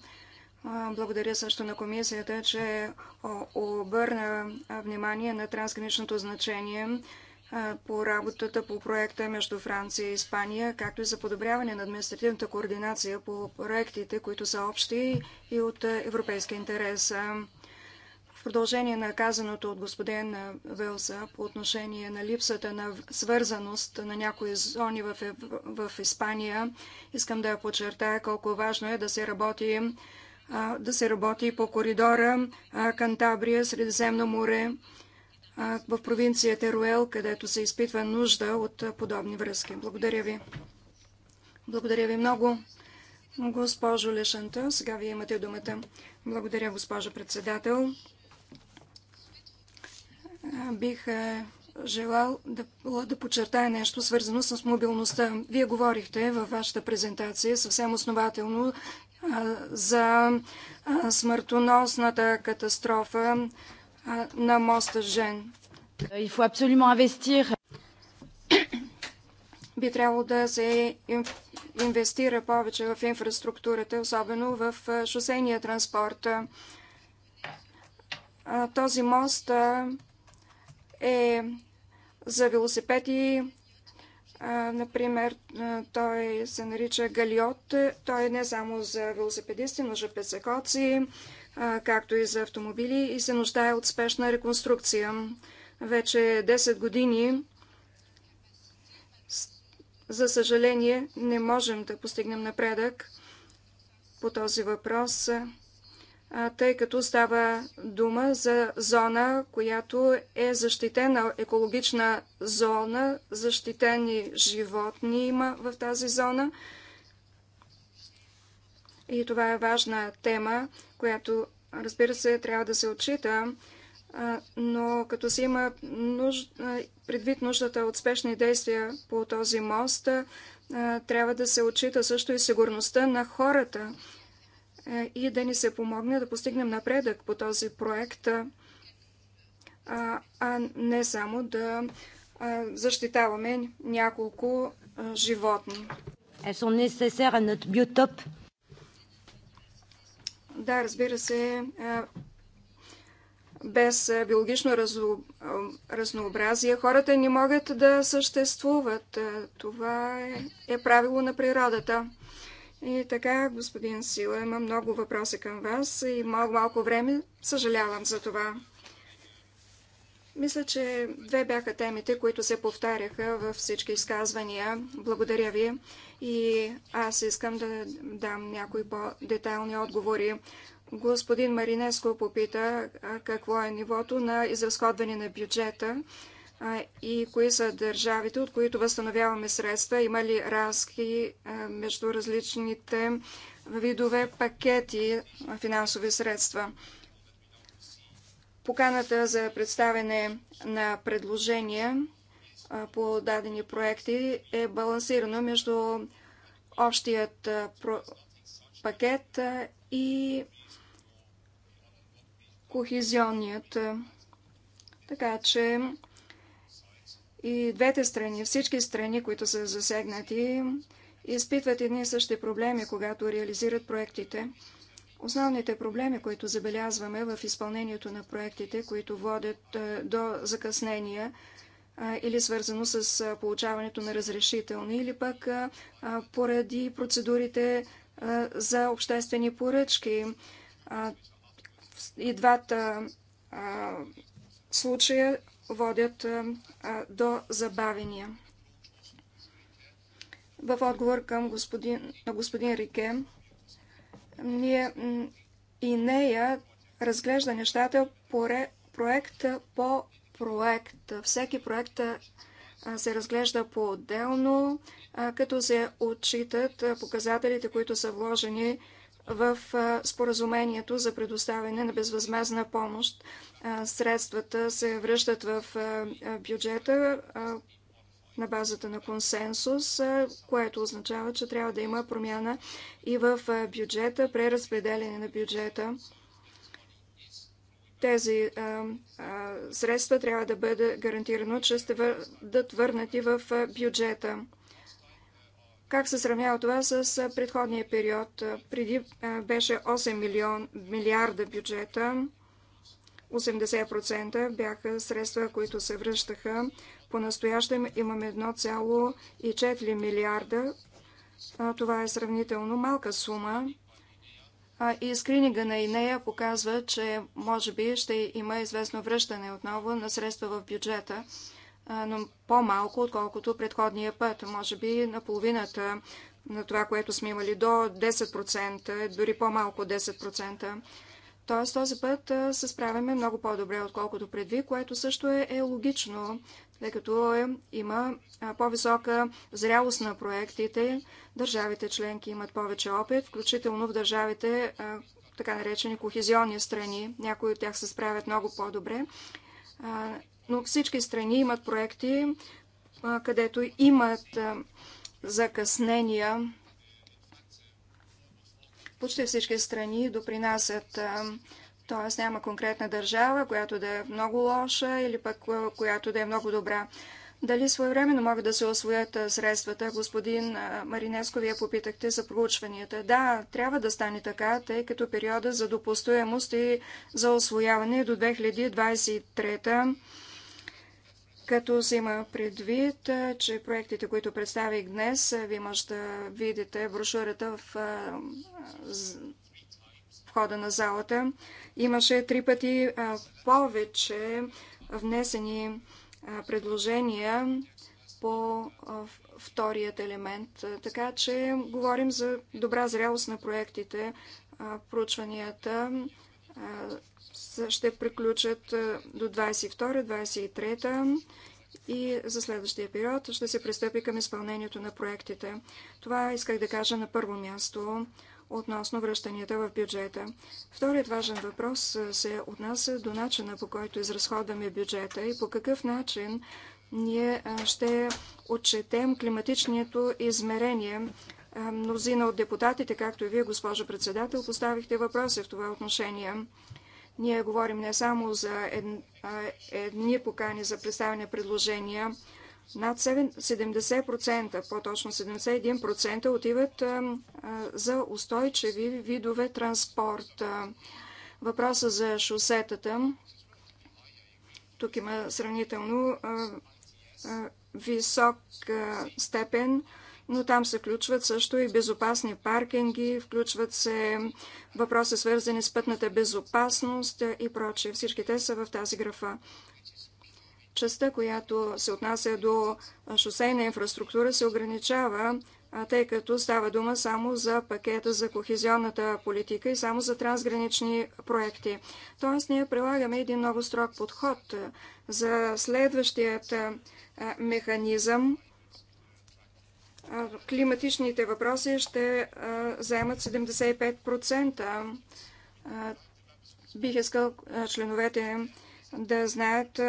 Благодаря също на комисията, че обърна внимание на трансграничното значение по работата по проекта между Франция и Испания, както и за подобряване на административната координация по проектите, които са общи и от европейски интерес продължение на казаното от господин Велса по отношение на липсата на свързаност на някои зони в, Испания, искам да подчертая колко важно е да се работи да се работи по коридора Кантабрия, Средиземно море, в провинцията Руел, където се изпитва нужда от подобни връзки. Благодаря ви. Благодаря ви много. Госпожо Лешанта, сега вие имате думата. Благодаря, госпожо председател бих е, желал да, да подчертая нещо свързано с мобилността. Вие говорихте във вашата презентация съвсем основателно за смъртоносната катастрофа на моста Жен. Il faut absolument investir. Би трябвало да се инвестира повече в инфраструктурата, особено в шосейния транспорт. Този мост е за велосипеди. Например, той се нарича Галиот. Той е не само за велосипедисти, но за песекоци, както и за автомобили и се нуждае от спешна реконструкция. Вече 10 години за съжаление, не можем да постигнем напредък по този въпрос тъй като става дума за зона, която е защитена екологична зона, защитени животни има в тази зона. И това е важна тема, която, разбира се, трябва да се отчита, но като се има нуж... предвид нуждата от спешни действия по този мост, трябва да се отчита също и сигурността на хората е, и да ни се помогне да постигнем напредък по този проект, а не само да защитаваме няколко животни. Да, разбира се, е, без е, биологично разнообразие хората не могат да съществуват. Това е правило на природата. И така, господин Сила, има много въпроси към вас и малко, малко време. Съжалявам за това. Мисля, че две бяха темите, които се повтаряха във всички изказвания. Благодаря ви. И аз искам да дам някои по-детайлни отговори. Господин Маринеско попита какво е нивото на изразходване на бюджета и кои са държавите, от които възстановяваме средства, има ли разки между различните видове пакети финансови средства. Поканата за представяне на предложения по дадени проекти е балансирано между общият пакет и кохезионният. Така че и двете страни, всички страни, които са засегнати, изпитват едни и същи проблеми, когато реализират проектите. Основните проблеми, които забелязваме в изпълнението на проектите, които водят до закъснения или свързано с получаването на разрешителни, или пък поради процедурите за обществени поръчки. И двата случая водят до забавения. В отговор към господин, на господин Рике, ние и нея разглежда нещата по проект по проект. Всеки проект се разглежда по-отделно, като се отчитат показателите, които са вложени в споразумението за предоставяне на безвъзмезна помощ. Средствата се връщат в бюджета на базата на консенсус, което означава, че трябва да има промяна и в бюджета, преразпределение на бюджета. Тези средства трябва да бъде гарантирано, че ще бъдат върнати в бюджета. Как се сравнява това с предходния период? Преди беше 8 милион, милиарда бюджета. 80% бяха средства, които се връщаха. По-настоящем имаме 1,4 милиарда. Това е сравнително малка сума. И скрининга на Инея показва, че може би ще има известно връщане отново на средства в бюджета но по-малко, отколкото предходния път. Може би на половината на това, което сме имали до 10%, дори по-малко 10%. Тоест този път се справяме много по-добре, отколкото предви, което също е, е логично, тъй като е, има по-висока зрялост на проектите. Държавите членки имат повече опит, включително в държавите, а, така наречени кохезионни страни. Някои от тях се справят много по-добре но всички страни имат проекти, където имат закъснения. Почти всички страни допринасят, т.е. няма конкретна държава, която да е много лоша или пък която да е много добра. Дали своевременно могат да се освоят средствата? Господин Маринеско, вие попитахте за проучванията. Да, трябва да стане така, тъй като периода за допустуемост и за освояване е до 2023 като се има предвид, че проектите, които представих днес, ви може да видите брошурата в входа на залата. Имаше три пъти повече внесени предложения по вторият елемент. Така че говорим за добра зрялост на проектите, проучванията ще приключат е, до 22-23 и за следващия период ще се пристъпи към изпълнението на проектите. Това исках да кажа на първо място относно връщанията в бюджета. Вторият важен въпрос е, се отнася до начина по който изразходваме бюджета и по какъв начин ние е, ще отчетем климатичното измерение. Мнозина от депутатите, както и вие, госпожо председател, поставихте въпроси в това отношение. Ние говорим не само за едни покани за представяне предложения, над 70%, по-точно 71% отиват за устойчиви видове транспорт. Въпроса за шосетата. Тук има сравнително висок степен но там се включват също и безопасни паркинги, включват се въпроси свързани с пътната безопасност и прочее. Всички те са в тази графа. Частта, която се отнася до шосейна инфраструктура, се ограничава, тъй като става дума само за пакета за кохезионната политика и само за трансгранични проекти. Тоест, ние прилагаме един много строг подход за следващият механизъм климатичните въпроси ще заемат 75%. Бих искал членовете да знаят,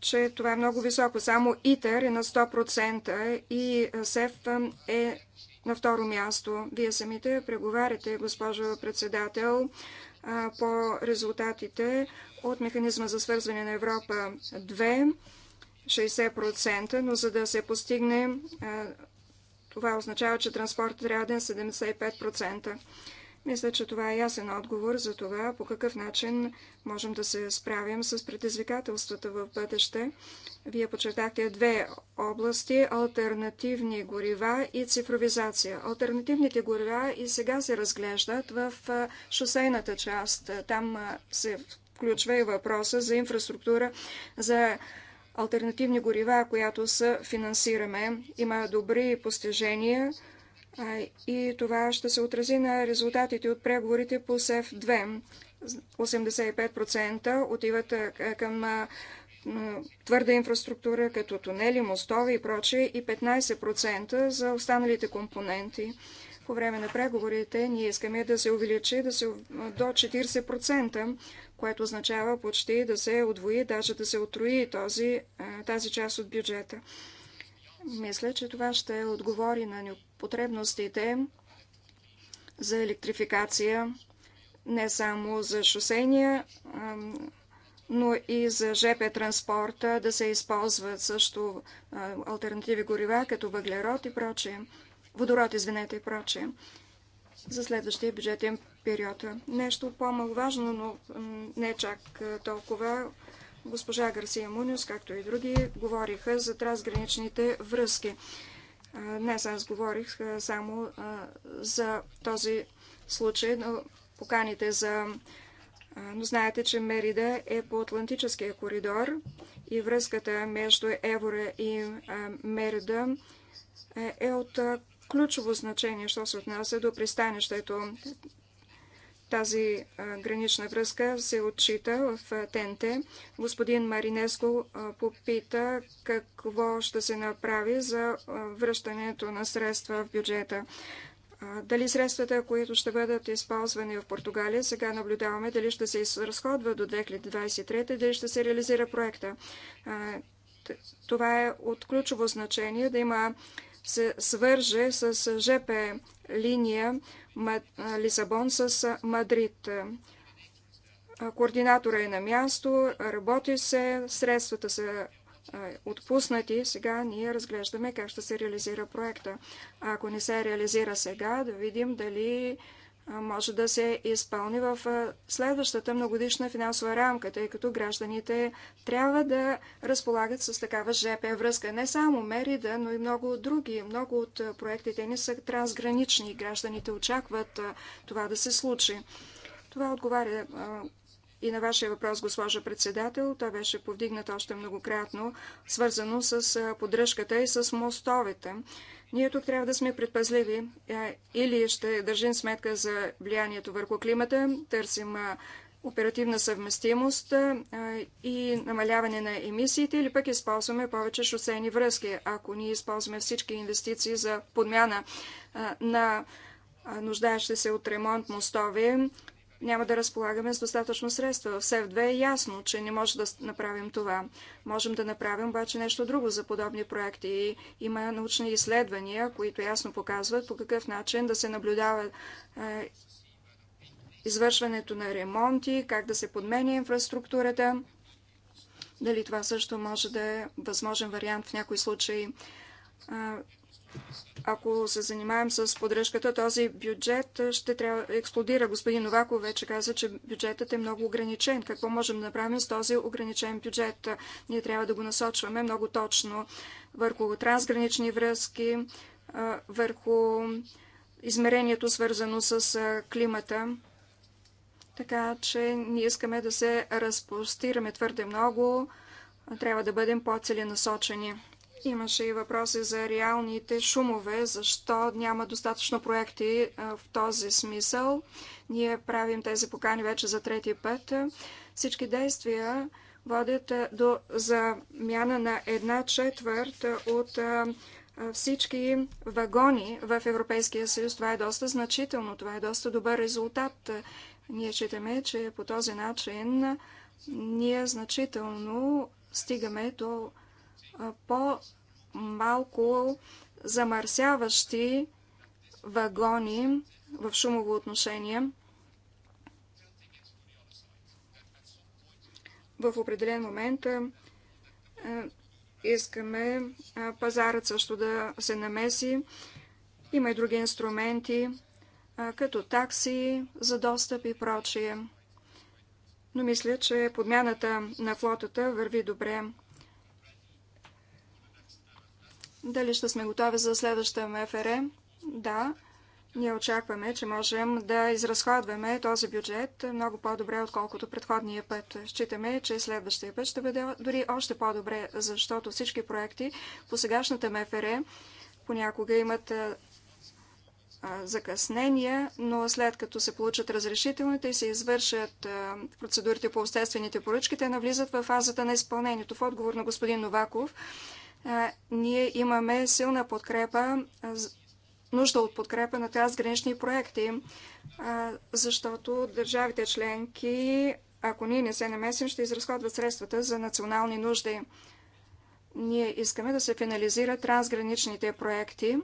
че това е много високо. Само ИТЕР е на 100% и СЕФ е на второ място. Вие самите преговаряте, госпожо председател, по резултатите от механизма за свързване на Европа 2, 60%, но за да се постигне това означава, че транспорт трябва да е 75%. Мисля, че това е ясен отговор за това по какъв начин можем да се справим с предизвикателствата в бъдеще. Вие почертахте две области – альтернативни горива и цифровизация. Альтернативните горива и сега се разглеждат в шосейната част. Там се включва и въпроса за инфраструктура, за альтернативни горива, която са финансираме. Има добри постижения и това ще се отрази на резултатите от преговорите по СЕФ-2. 85% отиват към твърда инфраструктура, като тунели, мостове и прочее, и 15% за останалите компоненти. По време на преговорите ние искаме да се увеличи да се, до 40% което означава почти да се отвои, даже да се отрои този, тази част от бюджета. Мисля, че това ще отговори на потребностите за електрификация не само за шосения, но и за ЖП транспорта, да се използват също альтернативи горива, като въглерод и прочее, водород, извинете, и прочее за следващия бюджетен период. Нещо по-маловажно, но не чак толкова. Госпожа Гарсия Муниус, както и други, говориха за трансграничните връзки. Днес аз говорих само за този случай, но поканите за... Но знаете, че Мерида е по Атлантическия коридор и връзката между Евора и Мерида е, е от ключово значение, що се отнася до пристанището. Тази гранична връзка се отчита в Тенте. Господин Маринеско попита какво ще се направи за връщането на средства в бюджета. Дали средствата, които ще бъдат използвани в Португалия, сега наблюдаваме дали ще се изразходва до 2023, дали ще се реализира проекта. Това е от ключово значение да има се свърже с ЖП линия Лисабон с Мадрид. Координатора е на място, работи се, средствата са отпуснати. Сега ние разглеждаме как ще се реализира проекта. ако не се реализира сега, да видим дали може да се изпълни в следващата многодишна финансова рамка, тъй като гражданите трябва да разполагат с такава ЖП връзка. Не само Мерида, но и много други. Много от проектите ни са трансгранични и гражданите очакват това да се случи. Това отговаря и на вашия въпрос, госпожа председател, той беше повдигнат още многократно, свързано с поддръжката и с мостовете. Ние тук трябва да сме предпазливи. Е, или ще държим сметка за влиянието върху климата, търсим оперативна съвместимост и намаляване на емисиите, или пък използваме повече шосейни връзки. Ако ние използваме всички инвестиции за подмяна на нуждаещи се от ремонт мостове, няма да разполагаме с достатъчно средства. В СЕВ-2 е ясно, че не може да направим това. Можем да направим обаче нещо друго за подобни проекти. Има научни изследвания, които ясно показват по какъв начин да се наблюдава е, извършването на ремонти, как да се подменя инфраструктурата. Дали това също може да е възможен вариант в някои случаи ако се занимаем с подръжката, този бюджет ще трябва да експлодира. Господин Новаков вече каза, че бюджетът е много ограничен. Какво можем да направим с този ограничен бюджет? Ние трябва да го насочваме много точно върху трансгранични връзки, върху измерението свързано с климата. Така че ние искаме да се разпростираме твърде много, трябва да бъдем по-целенасочени. Имаше и въпроси за реалните шумове, защо няма достатъчно проекти в този смисъл. Ние правим тези покани вече за трети път. Всички действия водят до замяна на една четвърт от всички вагони в Европейския съюз. Това е доста значително, това е доста добър резултат. Ние считаме, че по този начин ние значително стигаме до по-малко замърсяващи вагони в шумово отношение. В определен момент е, искаме пазарът също да се намеси. Има и други инструменти, като такси за достъп и прочие. Но мисля, че подмяната на флотата върви добре. Дали ще сме готови за следващата МФР? Да. Ние очакваме, че можем да изразходваме този бюджет много по-добре, отколкото предходния път. Считаме, че следващия път ще бъде дори още по-добре, защото всички проекти по сегашната МФР понякога имат закъснения, но след като се получат разрешителните и се извършат процедурите по обществените поръчки, те навлизат в фазата на изпълнението. В отговор на господин Новаков, ние имаме силна подкрепа, нужда от подкрепа на трансгранични проекти, защото държавите членки, ако ние не се намесим, ще изразходват средствата за национални нужди. Ние искаме да се финализират трансграничните проекти.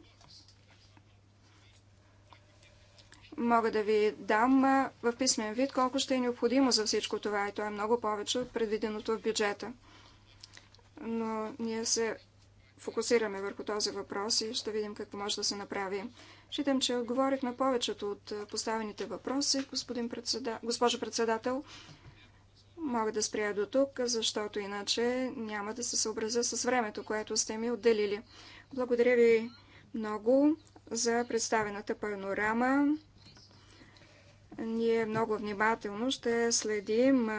Мога да ви дам в писмен вид колко ще е необходимо за всичко това и то е много повече от предвиденото в бюджета но ние се фокусираме върху този въпрос и ще видим какво може да се направи. Считам, че отговорих на повечето от поставените въпроси, господин председател. госпожо председател. Мога да спря до тук, защото иначе няма да се съобразя с времето, което сте ми отделили. Благодаря ви много за представената панорама. Ние много внимателно ще следим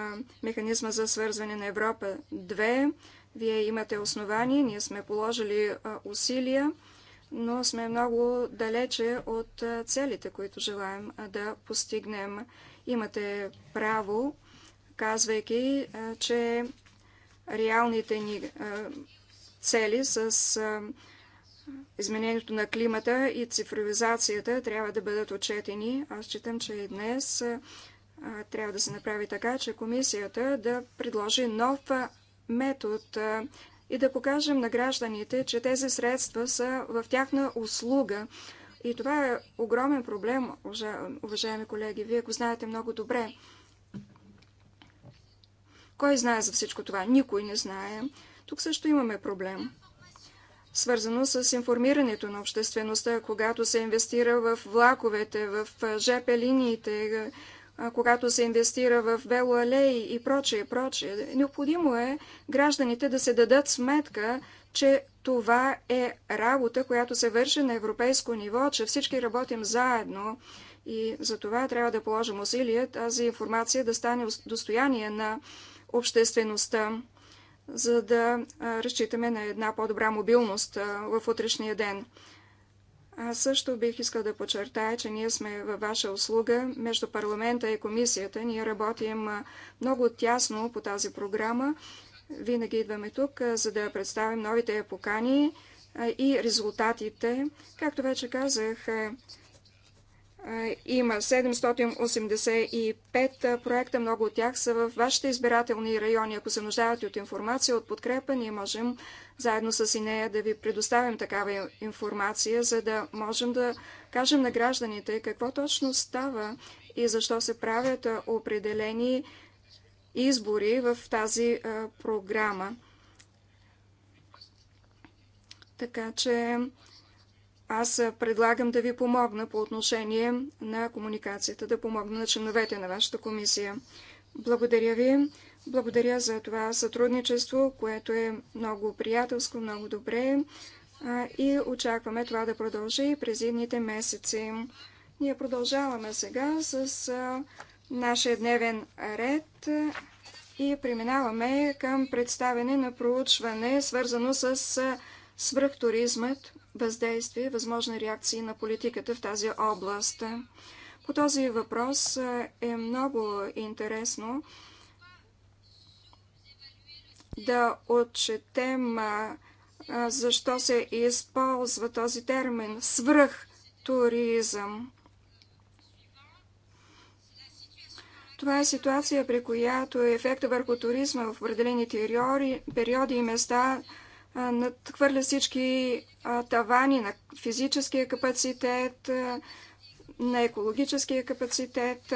механизма за свързване на Европа 2 вие имате основание, ние сме положили усилия, но сме много далече от целите, които желаем да постигнем. Имате право, казвайки, че реалните ни цели с изменението на климата и цифровизацията трябва да бъдат отчетени. Аз считам, че и днес трябва да се направи така, че комисията да предложи нов метод и да покажем на гражданите, че тези средства са в тяхна услуга. И това е огромен проблем, уважаеми колеги. Вие го знаете много добре. Кой знае за всичко това? Никой не знае. Тук също имаме проблем. Свързано с информирането на обществеността, когато се инвестира в влаковете, в ЖП линиите, когато се инвестира в Бело алеи и прочее, прочее. Необходимо е гражданите да се дадат сметка, че това е работа, която се върши на европейско ниво, че всички работим заедно и за това трябва да положим усилия тази информация да стане достояние на обществеността, за да разчитаме на една по-добра мобилност в утрешния ден. Аз също бих искал да подчертая, че ние сме във ваша услуга между парламента и комисията. Ние работим много тясно по тази програма. Винаги идваме тук, за да представим новите покани и резултатите. Както вече казах, има 785 проекта, много от тях са в вашите избирателни райони. Ако се нуждаете от информация, от подкрепа, ние можем заедно с нея да ви предоставим такава информация, за да можем да кажем на гражданите какво точно става и защо се правят определени избори в тази програма. Така че аз предлагам да ви помогна по отношение на комуникацията, да помогна на членовете на вашата комисия. Благодаря ви. Благодаря за това сътрудничество, което е много приятелско, много добре и очакваме това да продължи през едните месеци. Ние продължаваме сега с нашия дневен ред и преминаваме към представене на проучване, свързано с свръхтуризмът, въздействие, възможни реакции на политиката в тази област. По този въпрос е много интересно да отчетем защо се използва този термин свръх туризъм. Това е ситуация, при която ефекта върху туризма в определени периоди и места надхвърля всички тавани на физическия капацитет, на екологическия капацитет,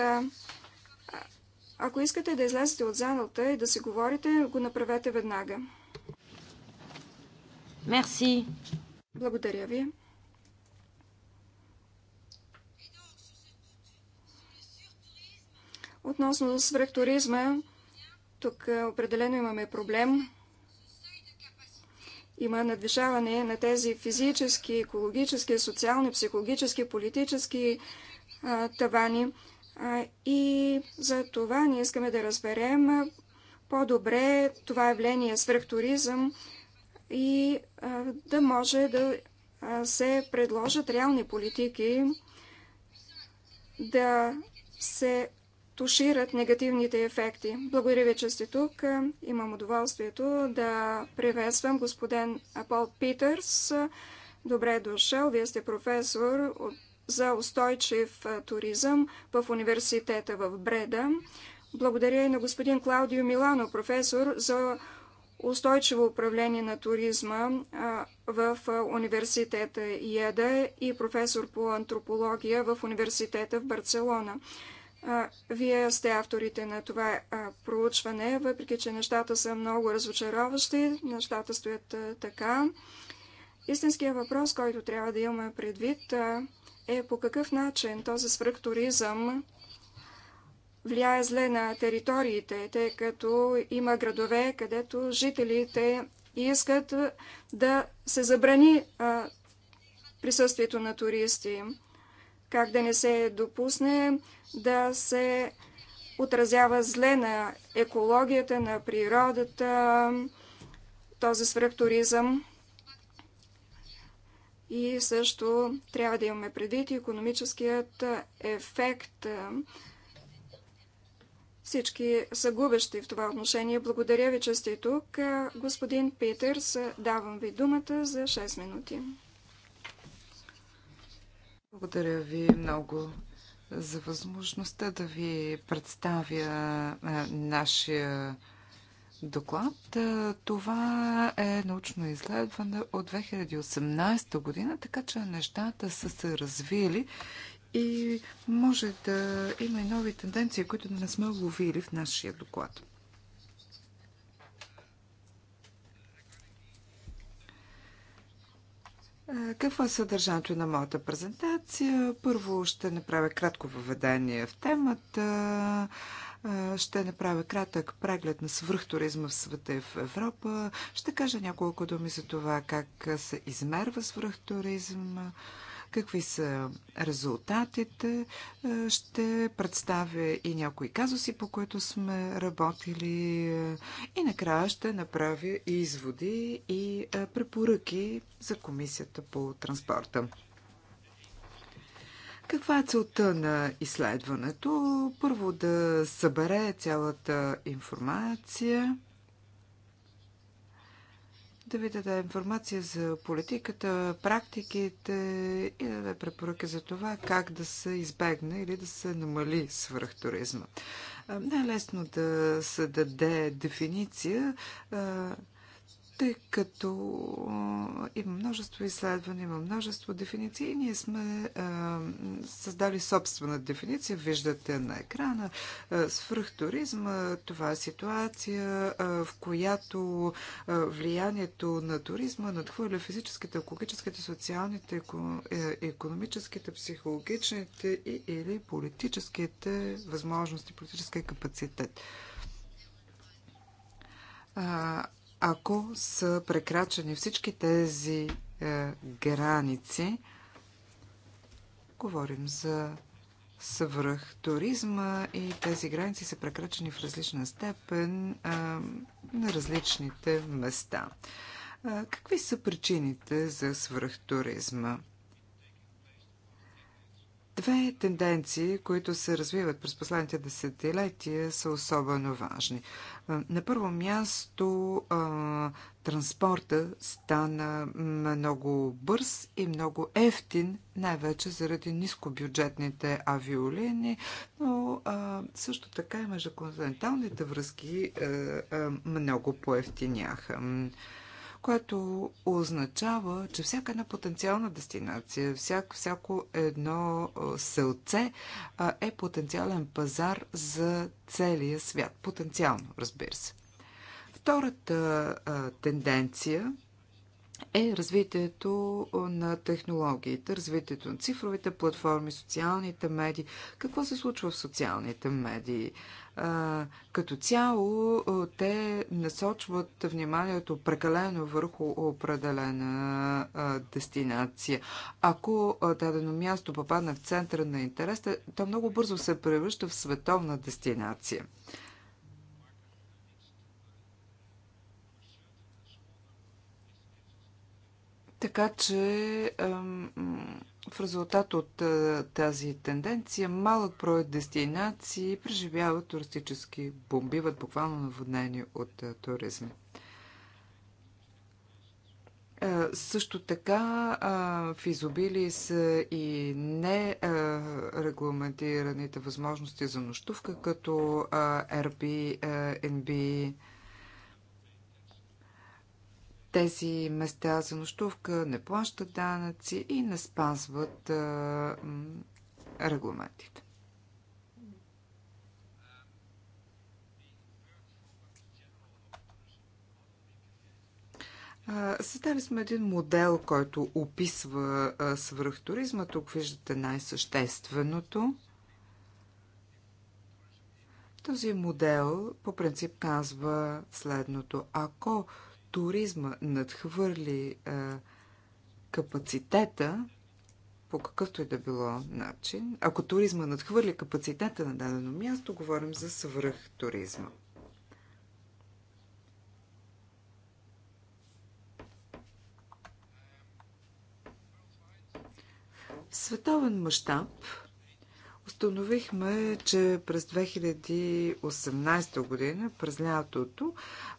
ако искате да излезете от залата и да си говорите, го направете веднага. Мерси. Благодаря ви. Относно свръхтуризма, тук е, определено имаме проблем. Има надвишаване на тези физически, екологически, социални, психологически, политически а, тавани. И за това ние искаме да разберем по-добре това явление е свръхтуризъм и да може да се предложат реални политики, да се тушират негативните ефекти. Благодаря ви, че сте тук. Имам удоволствието да приветствам господин Пол Питърс. Добре е дошъл. Вие сте професор от за устойчив туризъм в университета в Бреда. Благодаря и на господин Клаудио Милано, професор за устойчиво управление на туризма в университета ЕДА и професор по антропология в университета в Барселона. Вие сте авторите на това проучване, въпреки че нещата са много разочароващи, нещата стоят така. Истинският въпрос, който трябва да имаме предвид, е по какъв начин този свръхтуризъм влияе зле на териториите, тъй като има градове, където жителите искат да се забрани присъствието на туристи. Как да не се допусне да се отразява зле на екологията, на природата, този свръхтуризъм. И също трябва да имаме предвид и економическият ефект. Всички са губещи в това отношение. Благодаря ви, че сте тук. Господин Питерс, давам ви думата за 6 минути. Благодаря ви много за възможността да ви представя нашия доклад. Е, това е научно изследване от 2018 година, така че нещата са се развили и може да има и нови тенденции, които не сме ловили в нашия доклад. Е, какво е съдържанието на моята презентация? Първо ще направя кратко въведение в темата ще направя кратък преглед на свръхтуризма в света и в Европа. Ще кажа няколко думи за това как се измерва свръхтуризма какви са резултатите. Ще представя и някои казуси, по които сме работили и накрая ще направя и изводи и препоръки за Комисията по транспорта. Каква е целта на изследването? Първо да събере цялата информация, да ви даде информация за политиката, практиките и да даде препоръки за това как да се избегне или да се намали свръхтуризма. Е, не е лесно да се даде дефиниция е, тъй като има множество изследвания, има множество дефиниции ние сме а, създали собствена дефиниция, виждате на екрана. Свръхтуризма, това е ситуация, а, в която а, влиянието на туризма надхвърля физическите, екологическите, социалните, е, економическите, психологичните и, или политическите възможности, политическия капацитет ако са прекрачени всички тези е, граници, говорим за свръх туризма и тези граници са прекрачени в различна степен е, на различните места. Е, какви са причините за свръхтуризма? Две тенденции, които се развиват през последните десетилетия, са особено важни. На първо място транспорта стана много бърз и много ефтин, най-вече заради нискобюджетните авиолини, но също така и междуконтиненталните връзки много поевтиняха което означава, че всяка една потенциална дестинация, всяко, всяко едно селце е потенциален пазар за целия свят. Потенциално, разбира се. Втората тенденция е развитието на технологиите, развитието на цифровите платформи, социалните медии. Какво се случва в социалните медии? Като цяло те насочват вниманието прекалено върху определена дестинация. Ако дадено място попадне в центъра на интерес, то много бързо се превръща в световна дестинация. Така че в резултат от тази тенденция малък брой дестинации преживяват туристически бум, биват буквално наводнени от туризми. Също така в изобили са и нерегламентираните възможности за нощувка, като Airbnb, тези места за нощувка не плащат данъци и не спазват а, регламентите. Създали сме един модел, който описва свръхтуризма. Тук виждате най-същественото. Този модел по принцип казва следното. Ако туризма надхвърли а, капацитета, по какъвто и да било начин, ако туризма надхвърли капацитета на дадено място, говорим за свръх туризма. световен мащаб Установихме, че през 2018 година, през лятото,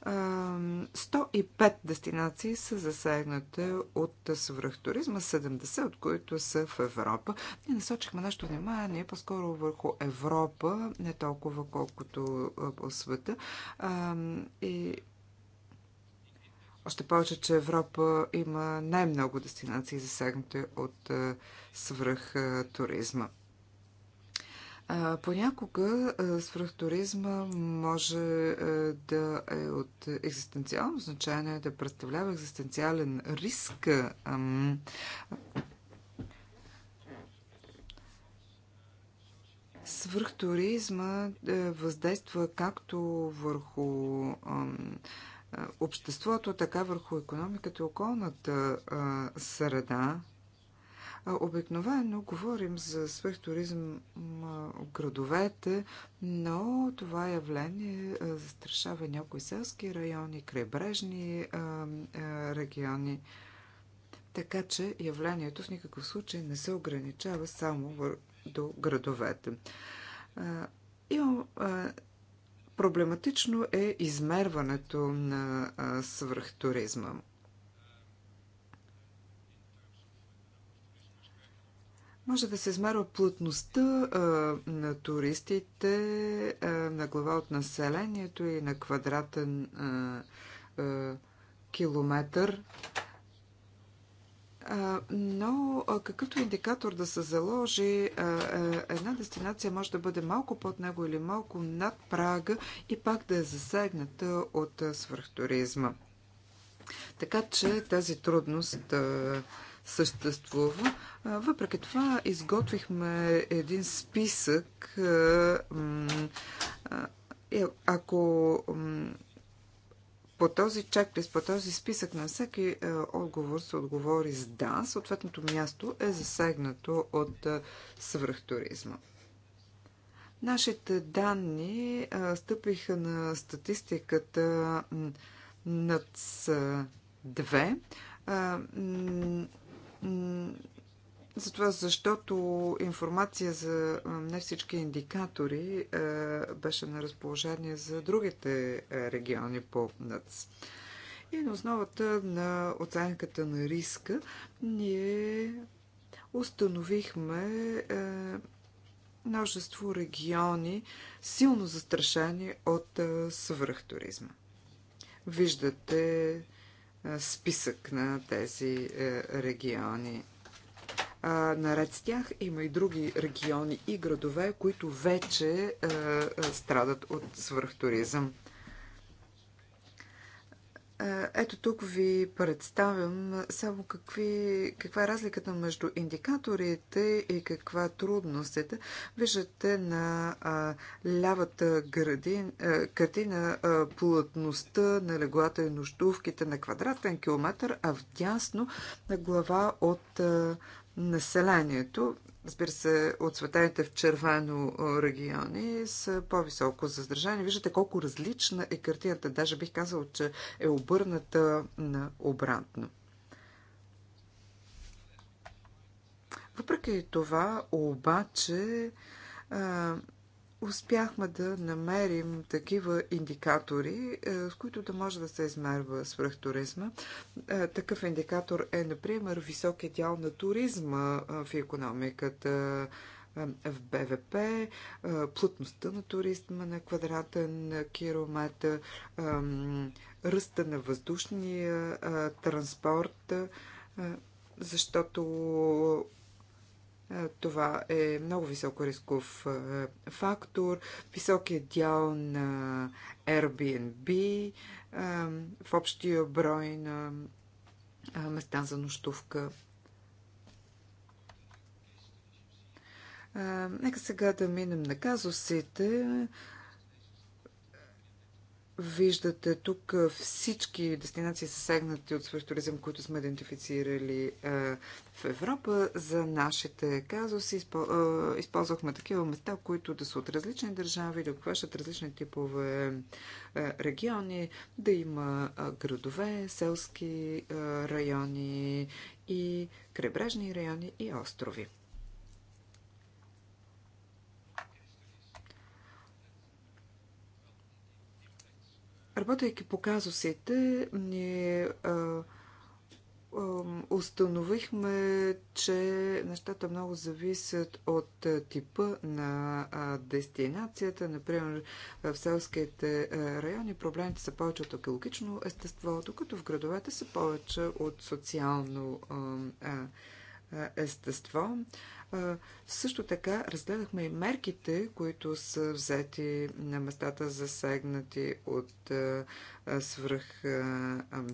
105 дестинации са засегнати от свръхтуризма, 70 от които са в Европа. Ние насочихме нашето внимание по-скоро върху Европа, не толкова колкото по света. И още повече, че Европа има най-много дестинации засегнати от свръхтуризма. туризма. А, понякога свръхтуризма може а, да е от екзистенциално значение, да представлява екзистенциален риск. А, свръхтуризма въздейства както върху а, обществото, така върху економиката и околната а, среда. Обикновено говорим за свръхтуризъм в градовете, но това явление застрашава някои селски райони, крайбрежни региони. Така че явлението в никакъв случай не се ограничава само до градовете. Имам проблематично е измерването на свръхтуризма. може да се измерва плътността а, на туристите а, на глава от населението и на квадратен а, а, километър. А, но а, какъвто индикатор да се заложи, а, а, една дестинация може да бъде малко под него или малко над прага и пак да е засегната от свърхтуризма. Така че тази трудност а, съществува. Въпреки това изготвихме един списък. Е, ако по този чеклист, по този списък на всеки отговор се отговори с да, съответното място е засегнато от свръхтуризма. Нашите данни стъпиха на статистиката над 2. Затова, защото информация за не всички индикатори е, беше на разположение за другите е, региони по НАЦ. И на основата на оценката на риска ние установихме е, множество региони, силно застрашени от свръхтуризма. Виждате списък на тези е, региони. наред с тях има и други региони и градове, които вече е, е, страдат от свръхтуризъм. Ето тук ви представям само какви, каква е разликата между индикаторите и каква трудностите. Виждате на а, лявата градин, а, картина а, плътността на леглата и нощувките на квадратен километр, а вдясно на глава от а, населението. Разбира се, от светените в червено региони са по-високо задържани. Виждате колко различна е картината. Даже бих казал, че е обърната на обратно. Въпреки това, обаче, успяхме да намерим такива индикатори, е, с които да може да се измерва свръхтуризма. Е, такъв индикатор е, например, високия дял на туризма е, в економиката в БВП, плътността на туризма на квадратен километр, ръста на въздушния транспорт, защото е, това е много високо рисков е, фактор, високият е дял на Airbnb в общия брой на места за нощувка. Нека сега да минем на казусите, Виждате тук всички дестинации съсегнати от туризъм, които сме идентифицирали е, в Европа. За нашите казуси е, използвахме такива места, които да са от различни държави, да обхващат различни типове е, региони, да има градове, селски райони и крайбрежни райони и острови. Работейки по казусите, ние а, а, установихме, че нещата много зависят от типа на а, дестинацията. Например, в селските райони проблемите са повече от екологично естество, докато в градовете са повече от социално естество. Също така разгледахме и мерките, които са взети на местата засегнати от свръх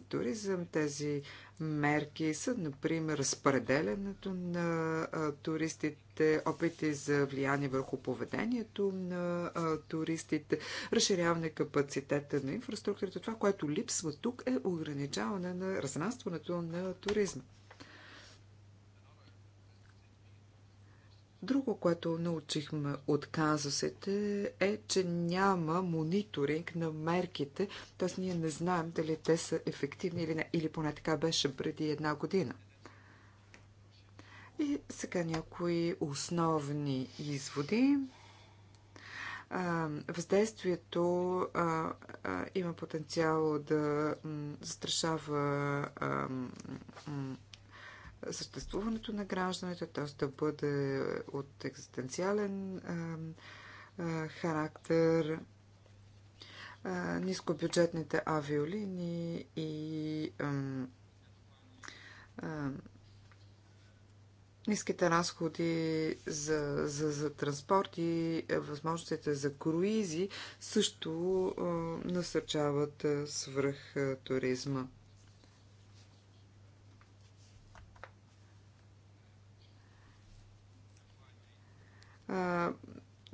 туризъм. Тези мерки са, например, разпределянето на туристите, опити за влияние върху поведението на туристите, разширяване капацитета на инфраструктурата. Това, което липсва тук е ограничаване на разнастването на туризма. Друго, което научихме от казусите е, че няма мониторинг на мерките, т.е. ние не знаем дали те са ефективни или не, или поне така беше преди една година. И сега някои основни изводи. Въздействието има потенциал да застрашава съществуването на гражданите, т.е. да бъде от екзистенциален характер, нискобюджетните авиолини и ниските разходи за, за, за транспорт и възможностите за круизи също насърчават свръх туризма.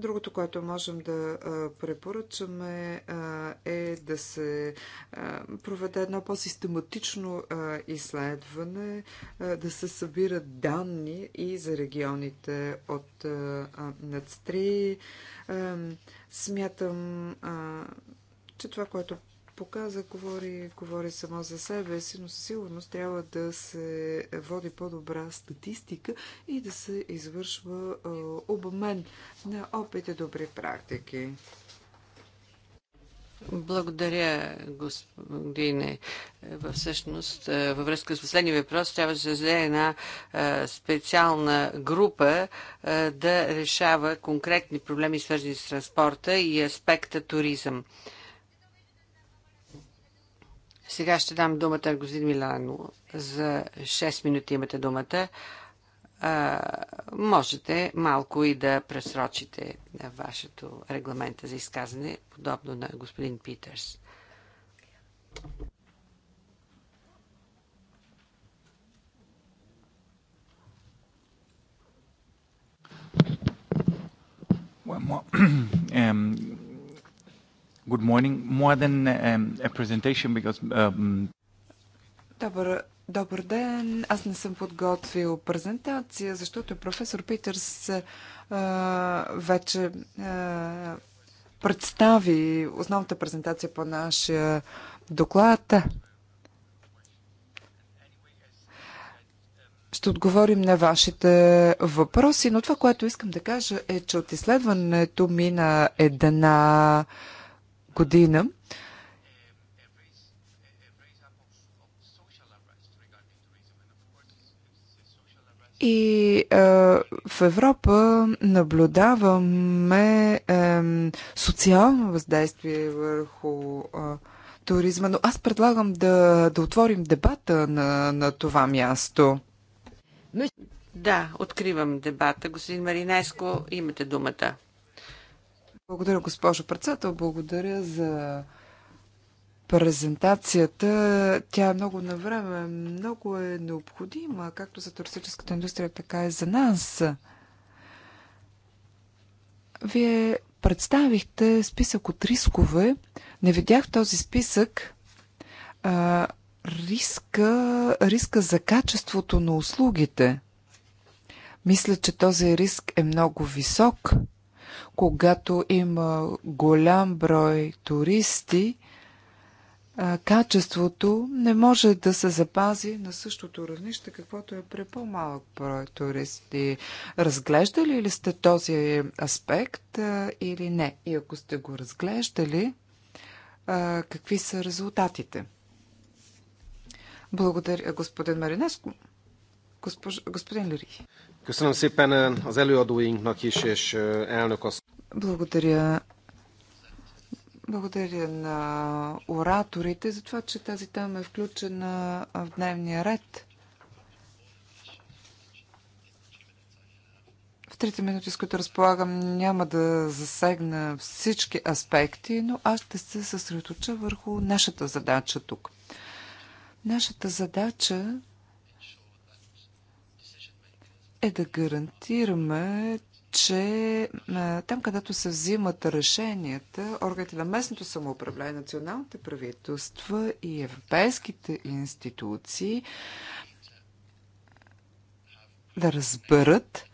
Другото, което можем да препоръчаме е да се проведе едно по-систематично изследване, да се събират данни и за регионите от нац Смятам, че това, което показа говори, говори само за себе си, но със сигурност трябва да се води по-добра статистика и да се извършва обмен на опит и добри практики. Благодаря, господине. Всъщност, във връзка с последния въпрос, трябва да се създаде една специална група да решава конкретни проблеми, свързани с транспорта и аспекта туризъм. Сега ще дам думата на господин Милано. За 6 минути имате думата. А, можете малко и да пресрочите вашето регламента за изказане, подобно на господин Питърс. Well, um, Good morning. More than um, a presentation because... Um... Добър, добър ден. Аз не съм подготвил презентация, защото професор Питърс а, вече а, представи основната презентация по нашия доклад. Ще отговорим на вашите въпроси, но това, което искам да кажа е, че от изследването мина една година. И е, в Европа наблюдаваме е, социално въздействие върху е, туризма, но аз предлагам да, да отворим дебата на, на това място. Да, откривам дебата. Господин Маринеско, имате думата. Благодаря, госпожо председател. Благодаря за презентацията. Тя е много на време, много е необходима, както за туристическата индустрия, така и за нас. Вие представихте списък от рискове. Не видях в този списък а, риска, риска за качеството на услугите. Мисля, че този риск е много висок – когато има голям брой туристи, качеството не може да се запази на същото равнище, каквото е при по-малък брой туристи. Разглеждали ли сте този аспект или не? И ако сте го разглеждали, какви са резултатите? Благодаря, господин Маринеско. Госпож... Господин Лири. Köszönöm szépen eh, az előadóinknak is, és eh, elnök azt. Благодаря. Благодаря на ораторите за това, че тази тема е включена в дневния ред. В трите минути, с които разполагам, няма да засегна всички аспекти, но аз ще се съсредоточа върху нашата задача тук. Нашата задача е да гарантираме, че там, където се взимат решенията, органите на местното самоуправление, националните правителства и европейските институции да разберат,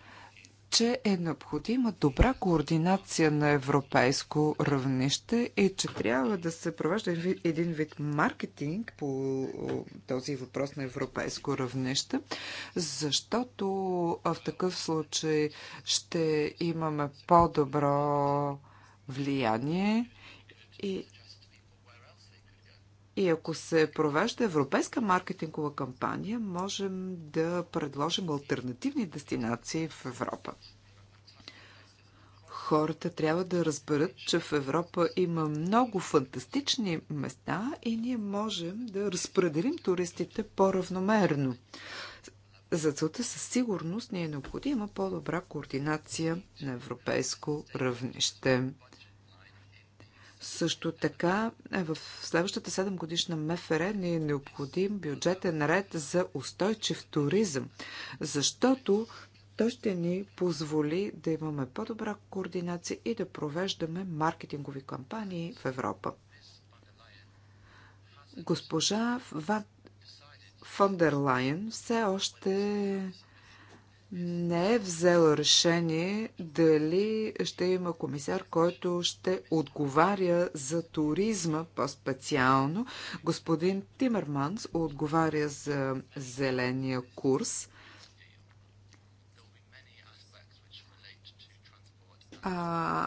че е необходима добра координация на европейско равнище и че трябва да се провежда един вид маркетинг по този въпрос на европейско равнище, защото в такъв случай ще имаме по-добро влияние и и ако се провежда европейска маркетингова кампания, можем да предложим альтернативни дестинации в Европа. Хората трябва да разберат, че в Европа има много фантастични места и ние можем да разпределим туристите по-равномерно. За целта със сигурност ни е необходима по-добра координация на европейско равнище. Също така, е, в следващата 7 годишна МФР ни е необходим бюджетен ред за устойчив туризъм, защото той ще ни позволи да имаме по-добра координация и да провеждаме маркетингови кампании в Европа. Госпожа Ван все още не е взела решение дали ще има комисар, който ще отговаря за туризма по-специално. Господин Тимерманс отговаря за зеления курс. А,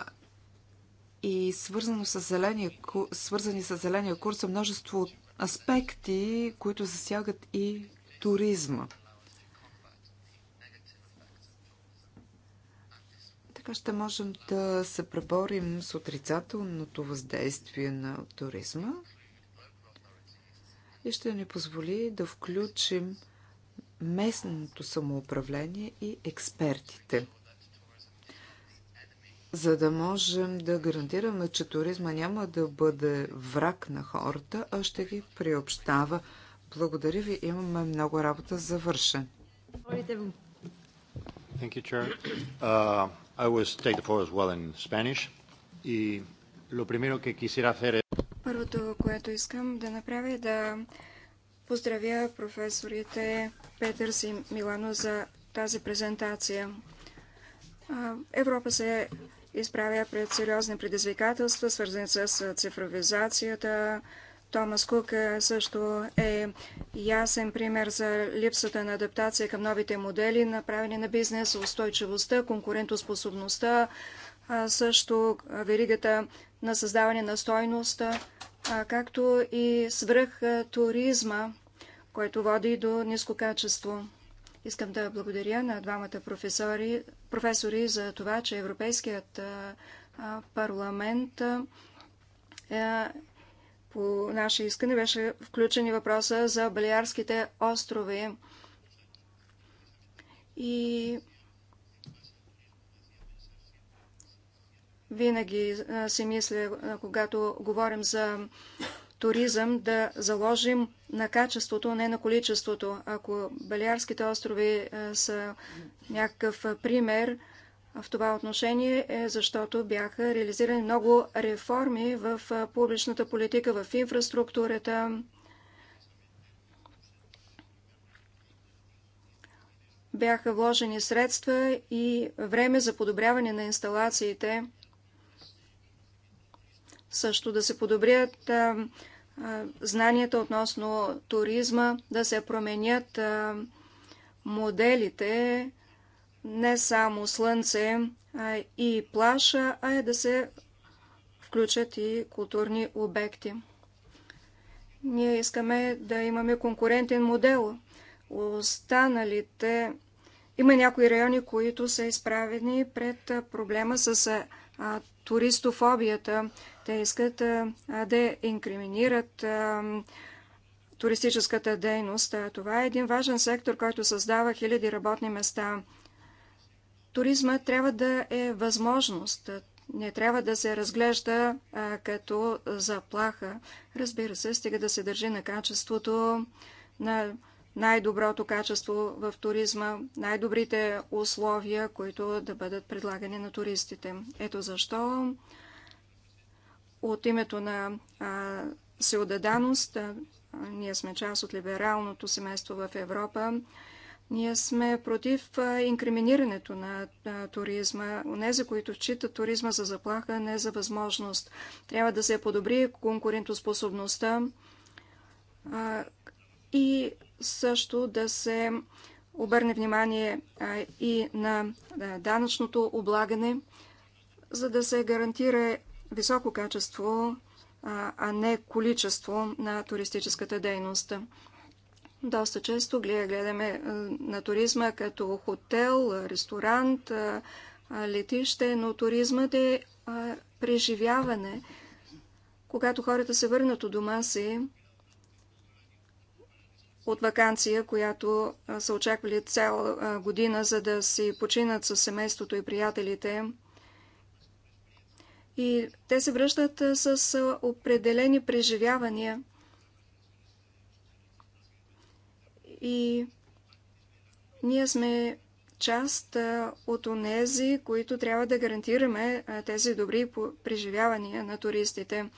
и свързано с зеления, свързани с зеления курс са множество аспекти, които засягат и туризма. Така ще можем да се преборим с отрицателното въздействие на туризма и ще ни позволи да включим местното самоуправление и експертите за да можем да гарантираме, че туризма няма да бъде враг на хората, а ще ги приобщава. Благодаря ви, имаме много работа за вършен. I will take the floor as well in Spanish. И lo primero que quisiera hacer es... Първото, което искам да направя е да поздравя професорите Петърс и Милано за тази презентация. Европа се изправя пред сериозни предизвикателства, свързани с цифровизацията, Томас Кук е, също е ясен пример за липсата на адаптация към новите модели, направени на бизнес, устойчивостта, конкурентоспособността, също веригата на създаване на стойност, както и свръх туризма, който води до ниско качество. Искам да благодаря на двамата професори, професори за това, че Европейският парламент е, по наше искане беше включен и въпроса за Балиарските острови. И винаги си мисля, когато говорим за туризъм, да заложим на качеството, не на количеството. Ако Балиарските острови са някакъв пример, в това отношение е защото бяха реализирани много реформи в публичната политика, в инфраструктурата. Бяха вложени средства и време за подобряване на инсталациите. Също да се подобрят знанията относно туризма, да се променят моделите не само слънце и плаша, а е да се включат и културни обекти. Ние искаме да имаме конкурентен модел. Останалите има някои райони, които са изправени пред проблема с туристофобията. Те искат да инкриминират туристическата дейност. Това е един важен сектор, който създава хиляди работни места туризма трябва да е възможност. Не трябва да се разглежда а, като заплаха. Разбира се, стига да се държи на качеството, на най-доброто качество в туризма, най-добрите условия, които да бъдат предлагани на туристите. Ето защо от името на а, Сеудаданост, а, ние сме част от либералното семейство в Европа, ние сме против инкриминирането на туризма. Онези, които считат туризма за заплаха, не за възможност. Трябва да се подобри конкурентоспособността и също да се обърне внимание и на данъчното облагане, за да се гарантира високо качество, а не количество на туристическата дейност. Доста често гледаме е, на туризма като хотел, ресторант, е, летище, но туризмът е, е преживяване. Когато хората се върнат от дома си, от вакансия, която са очаквали цяла година, за да си починат с семейството и приятелите. И те се връщат с определени преживявания – И ние сме част от онези, които трябва да гарантираме тези добри преживявания на туристите.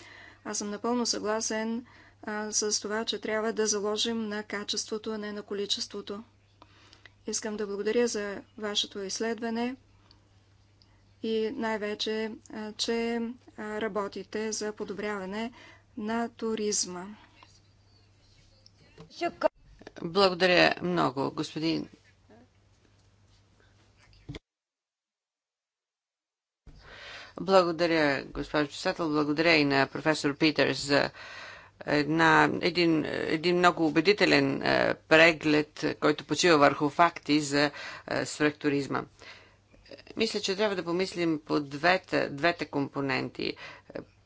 Аз съм напълно съгласен с това, че трябва да заложим на качеството, а не на количеството. Искам да благодаря за вашето изследване и най-вече, че работите за подобряване на туризма. Благодаря много, господин Благодаря, госпожо председател. Благодаря и на професор Питерс за една, един, един много убедителен е, преглед, който почива върху факти за е, свръхтуризма. Мисля, че трябва да помислим по двете, двете компоненти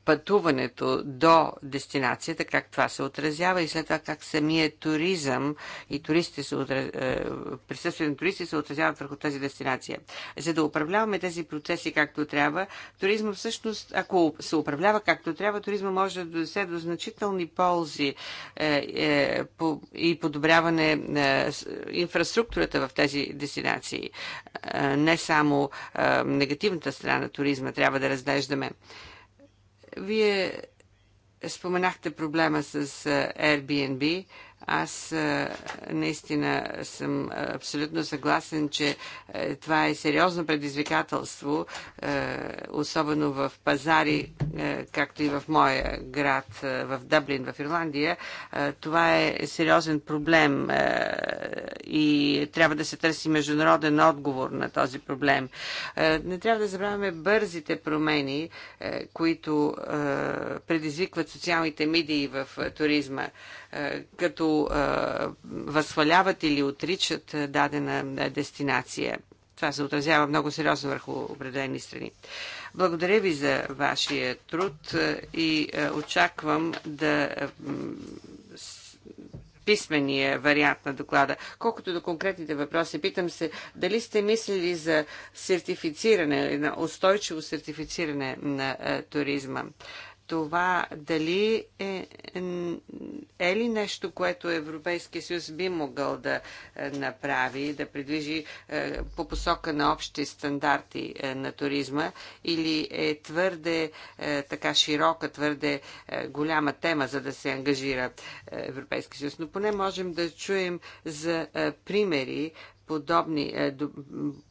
пътуването до дестинацията, как това се отразява и след това как самият туризъм и туристите се отраз... Е, присъствие на туристи се отразяват върху тази дестинация. За да управляваме тези процеси както трябва, туризма всъщност, ако се управлява както трябва, туризма може да донесе до значителни ползи е, е, и подобряване на инфраструктурата в тези дестинации. не само негативната страна на туризма трябва да разглеждаме. Вие споменахте проблема с Airbnb. Аз наистина съм абсолютно съгласен, че това е сериозно предизвикателство, особено в пазари, както и в моя град, в Дъблин, в Ирландия. Това е сериозен проблем и трябва да се търси международен отговор на този проблем. Не трябва да забравяме бързите промени, които предизвикват социалните медии в туризма. Е, като е, възхваляват или отричат е, дадена дестинация. Това се отразява много сериозно върху определени страни. Благодаря ви за вашия труд и очаквам да писмения вариант на доклада. Колкото до конкретните въпроси, питам се дали сте мислили за сертифициране, на устойчиво сертифициране на туризма това дали е, е ли нещо, което Европейския съюз би могъл да е, направи, да придвижи е, по посока на общи стандарти е, на туризма или е твърде така широка, твърде голяма тема, за да се ангажира Европейския съюз. Но поне можем да чуем за примери подобни е, до,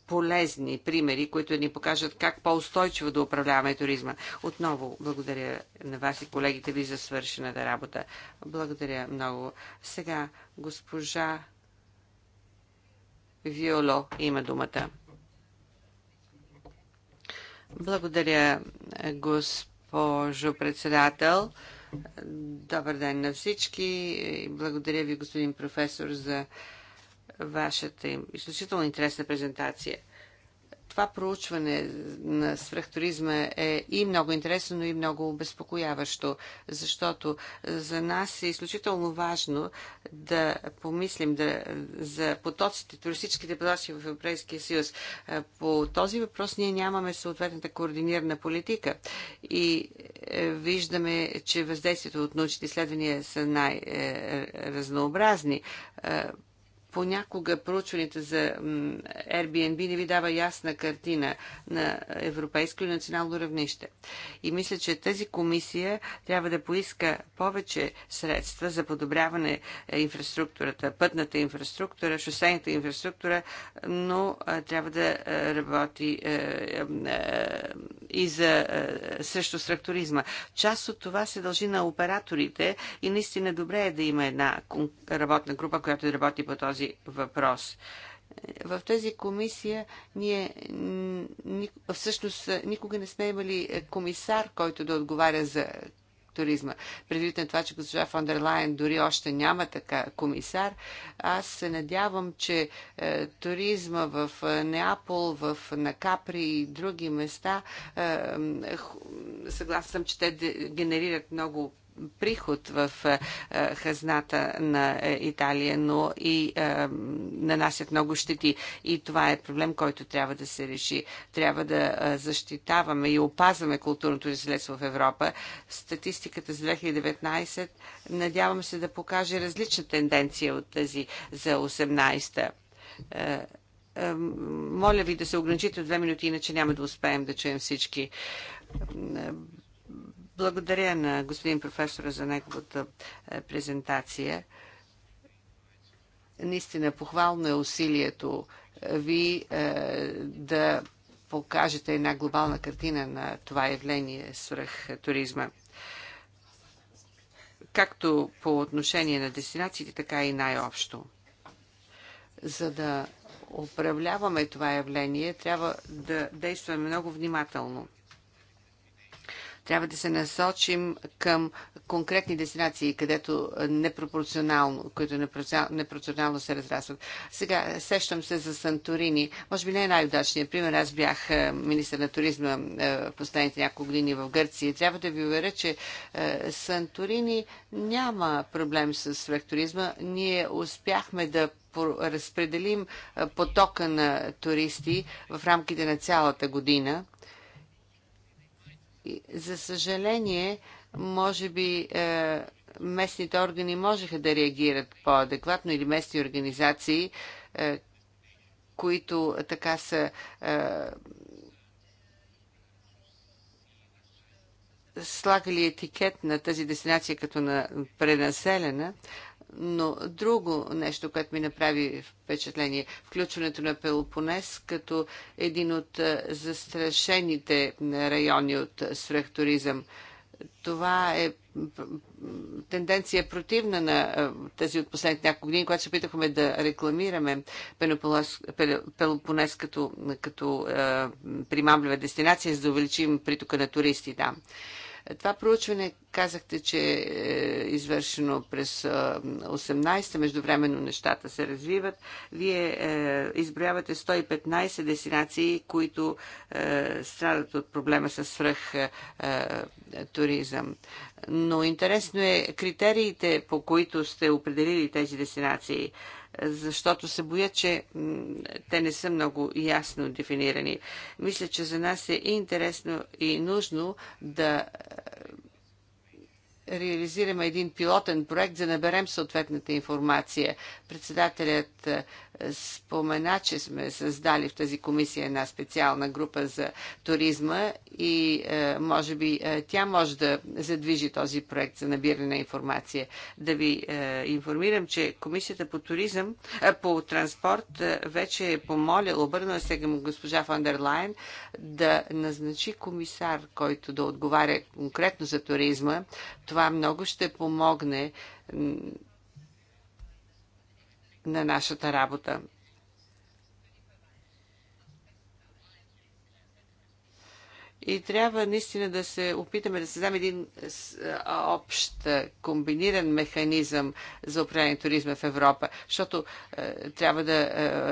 полезни примери, които ни покажат как по-устойчиво да управляваме туризма. Отново благодаря на вас и колегите ви за свършената работа. Благодаря много. Сега госпожа Виоло има думата. Благодаря, госпожо председател. Добър ден на всички. Благодаря ви, господин професор, за вашата им изключително интересна презентация. Това проучване на свръхтуризма е и много интересно, но и много обезпокояващо, защото за нас е изключително важно да помислим да, за потоците, туристическите потоци в Европейския съюз. По този въпрос ние нямаме съответната координирана политика и е, виждаме, че въздействието от научните изследвания са най-разнообразни е, е, Понякога проучването за Airbnb не ви дава ясна картина на европейско и национално равнище. И мисля, че тази комисия трябва да поиска повече средства за подобряване е, инфраструктурата, пътната инфраструктура, шосейната инфраструктура, но е, трябва да е, работи и за срещу страктуризма. Част от това се дължи на операторите и наистина добре е да има една работна група, която да работи по този този въпрос. В тази комисия ние всъщност никога не сме имали комисар, който да отговаря за туризма. Предвид на това, че госпожа Фондерлайн дори още няма така комисар, аз се надявам, че е, туризма в е, Неапол, в Накапри и други места, е, Съгласна, е, съгласен съм, че те генерират много приход в е, е, хазната на е, Италия, но и нанасят много щети. И това е проблем, който трябва да се реши. Трябва да защитаваме и опазваме културното наследство в Европа. Статистиката за 2019 надявам се да покаже различна тенденция от тази за 18-та моля ви да се ограничите от две минути, иначе няма да успеем да чуем всички. Благодаря на господин професора за неговата е, презентация. Наистина похвално е усилието е, ви е, да покажете една глобална картина на това явление свръх туризма. Както по отношение на дестинациите, така и най-общо. За да управляваме това явление, трябва да действаме много внимателно – трябва да се насочим към конкретни дестинации, където непропорционално, които непропорционално се разрастват. Сега сещам се за Санторини. Може би не е най-удачният пример. Аз бях е, министър на туризма е, в последните няколко години в Гърция. Трябва да ви уверя, че е, Санторини няма проблем с туризма. Ние успяхме да разпределим потока на туристи в рамките на цялата година за съжаление, може би е, местните органи можеха да реагират по-адекватно или местни организации, е, които така са е, слагали етикет на тази дестинация като на пренаселена, но друго нещо, което ми направи впечатление, включването на Пелопонес като един от е, застрашените райони от свръхтуризъм. Това е тенденция противна на е, тази от последните няколко години, когато се опитахме да рекламираме Пелопонес като, като е, примамлива дестинация, за да увеличим притока на туристи там. Да. Това проучване казахте, че е извършено през 18-та, е, междувременно нещата се развиват. Вие е, изброявате 115 дестинации, които е, страдат от проблема с свръх е, е, туризъм. Но интересно е критериите, по които сте определили тези дестинации защото се боя, че те не са много ясно дефинирани. Мисля, че за нас е интересно и нужно да реализираме един пилотен проект, за да наберем съответната информация. Председателят е, спомена, че сме създали в тази комисия една специална група за туризма и е, може би е, тя може да задвижи този проект за набиране на информация. Да ви информирам, че комисията по туризъм, по транспорт вече е помолил, обърнала се към госпожа Фандерлайн да назначи комисар, който да отговаря конкретно за туризма. Това много ще помогне на нашата работа. И трябва наистина да се опитаме да създаме един общ комбиниран механизъм за управление туризма в Европа, защото е, трябва да е,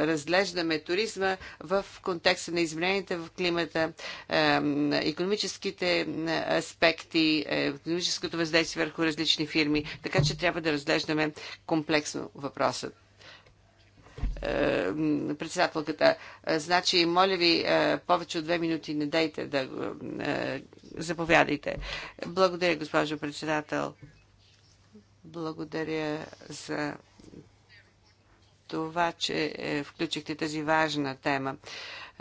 разглеждаме туризма в контекста на измененията в климата, е, економическите аспекти, економическото въздействие върху различни фирми, така че трябва да разглеждаме комплексно въпросът. Е, председателката. Е, значи, моля ви, е, повече от две минути не дайте да заповядайте. Благодаря, госпожо председател. Благодаря за това, че включихте тази важна тема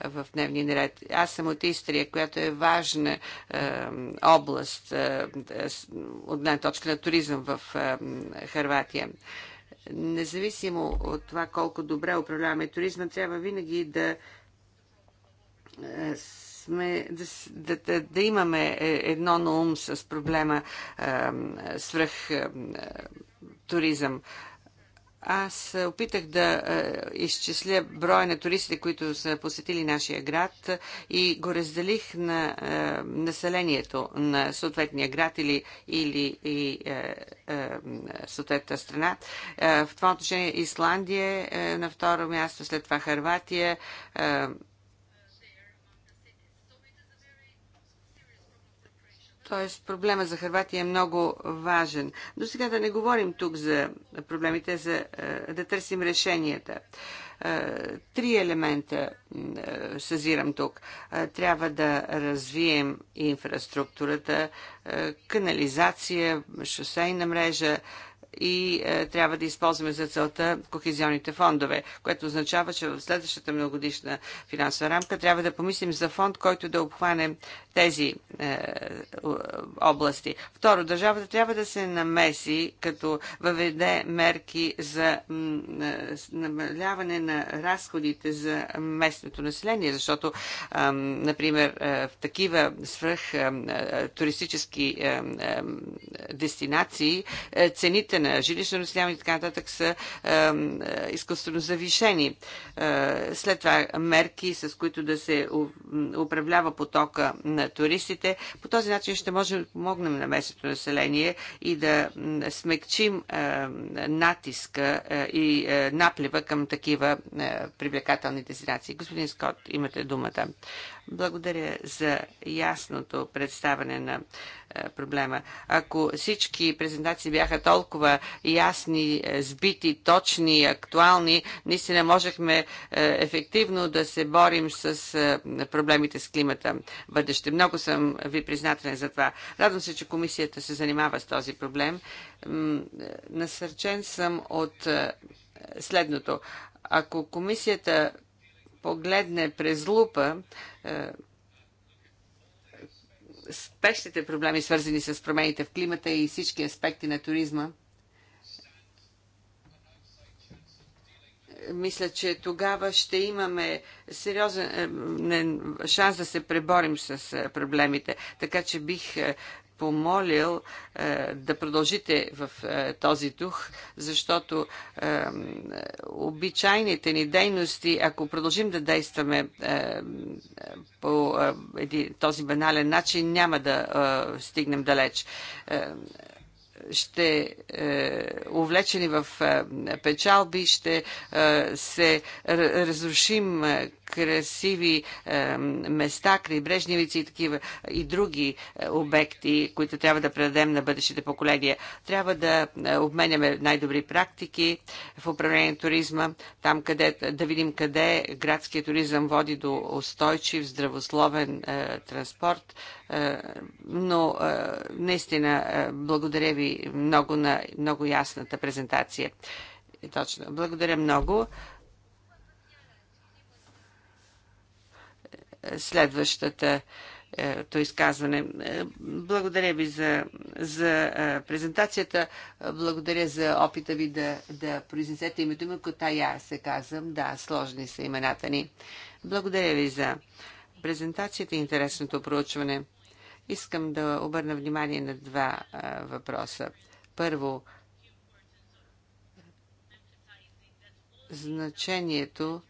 в дневния наред. Аз съм от Истрия, която е важна е, област е, от една точка на туризъм в е, Харватия независимо от това колко добре управляваме туризма, трябва винаги да е, сме, да, да, да имаме е, едно на ум с проблема е, свръх е, е туризъм. Аз е, опитах да е, изчисля брой на туристите, които са посетили нашия град е, и го разделих на населението на съответния град или, или и, съответната страна. в това отношение Исландия е на второ място, след това Харватия, Тоест проблема за Харватия е много важен. До сега да не говорим тук за проблемите, за, е, да търсим решенията. Е, три елемента е, съзирам тук. Трябва да развием инфраструктурата, канализация, шосейна мрежа, и е, трябва да използваме за целта кохезионните фондове, което означава, че в следващата многогодишна финансова рамка трябва да помислим за фонд, който да обхване тези е, области. Второ, държавата трябва да се намеси, като въведе мерки за е, намаляване на разходите за местното население, защото, е, например, е, в такива свръх е, туристически е, е, дестинации е, цените на е, жилищно население и така нататък са е, е, изкуствено завишени. След това мерки, с които да се управлява потока на туристите. По този начин ще можем да помогнем на местното население и да смекчим натиска и наплива към такива привлекателни дестинации. Господин Скот, имате думата. Благодаря за ясното представане на е, проблема. Ако всички презентации бяха толкова ясни, е, сбити, точни, актуални, наистина можехме е, ефективно да се борим с проблемите с климата в бъдеще. Много съм ви признателен за това. Радвам се, че комисията се занимава с този проблем. Насърчен съм от следното. Ако комисията погледне през лупа спешните проблеми, свързани с промените в климата и всички аспекти на туризма, мисля, че тогава ще имаме сериозен е, шанс да се преборим с е, проблемите. Така че бих е, помолил е, да продължите в е, този дух, защото е, обичайните ни дейности, ако продължим да действаме е, по е, този банален начин, няма да е, стигнем далеч ще е, увлечени в е, печалби, ще е, се разрушим е, красиви е, места, крайбрежнивици и такива и други е, обекти, които трябва да предадем на бъдещите поколения. Трябва да е, обменяме най-добри практики в управление на туризма, там къде да видим къде градския туризъм води до устойчив, здравословен е, транспорт. Е, е, но е, наистина е, благодаря ви много на много ясната презентация. Точно. Благодаря много. Следващата то изказване. Благодаря ви за, за презентацията. Благодаря за опита ви да, да произнесете името ми. Котая се казвам. Да, сложни са имената ни. Благодаря ви за презентацията и интересното проучване. Искам да обърна внимание на два а, въпроса. Първо, значението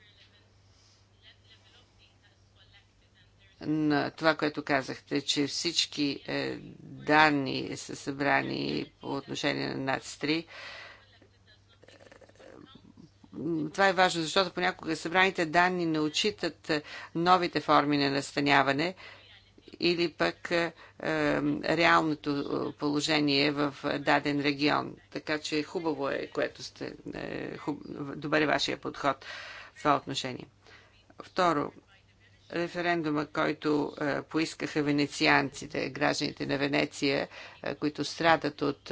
на това, което казахте, че всички е, данни са събрани по отношение на НАЦ-3. Това е важно, защото понякога събраните данни не отчитат е, новите форми на настаняване или пък е, е реалното е, положение в даден регион. Така че хубаво е, което сте. Е, хуб... Добър е вашия подход в това отношение. Второ, референдума, който е, поискаха венецианците, гражданите на Венеция, които страдат от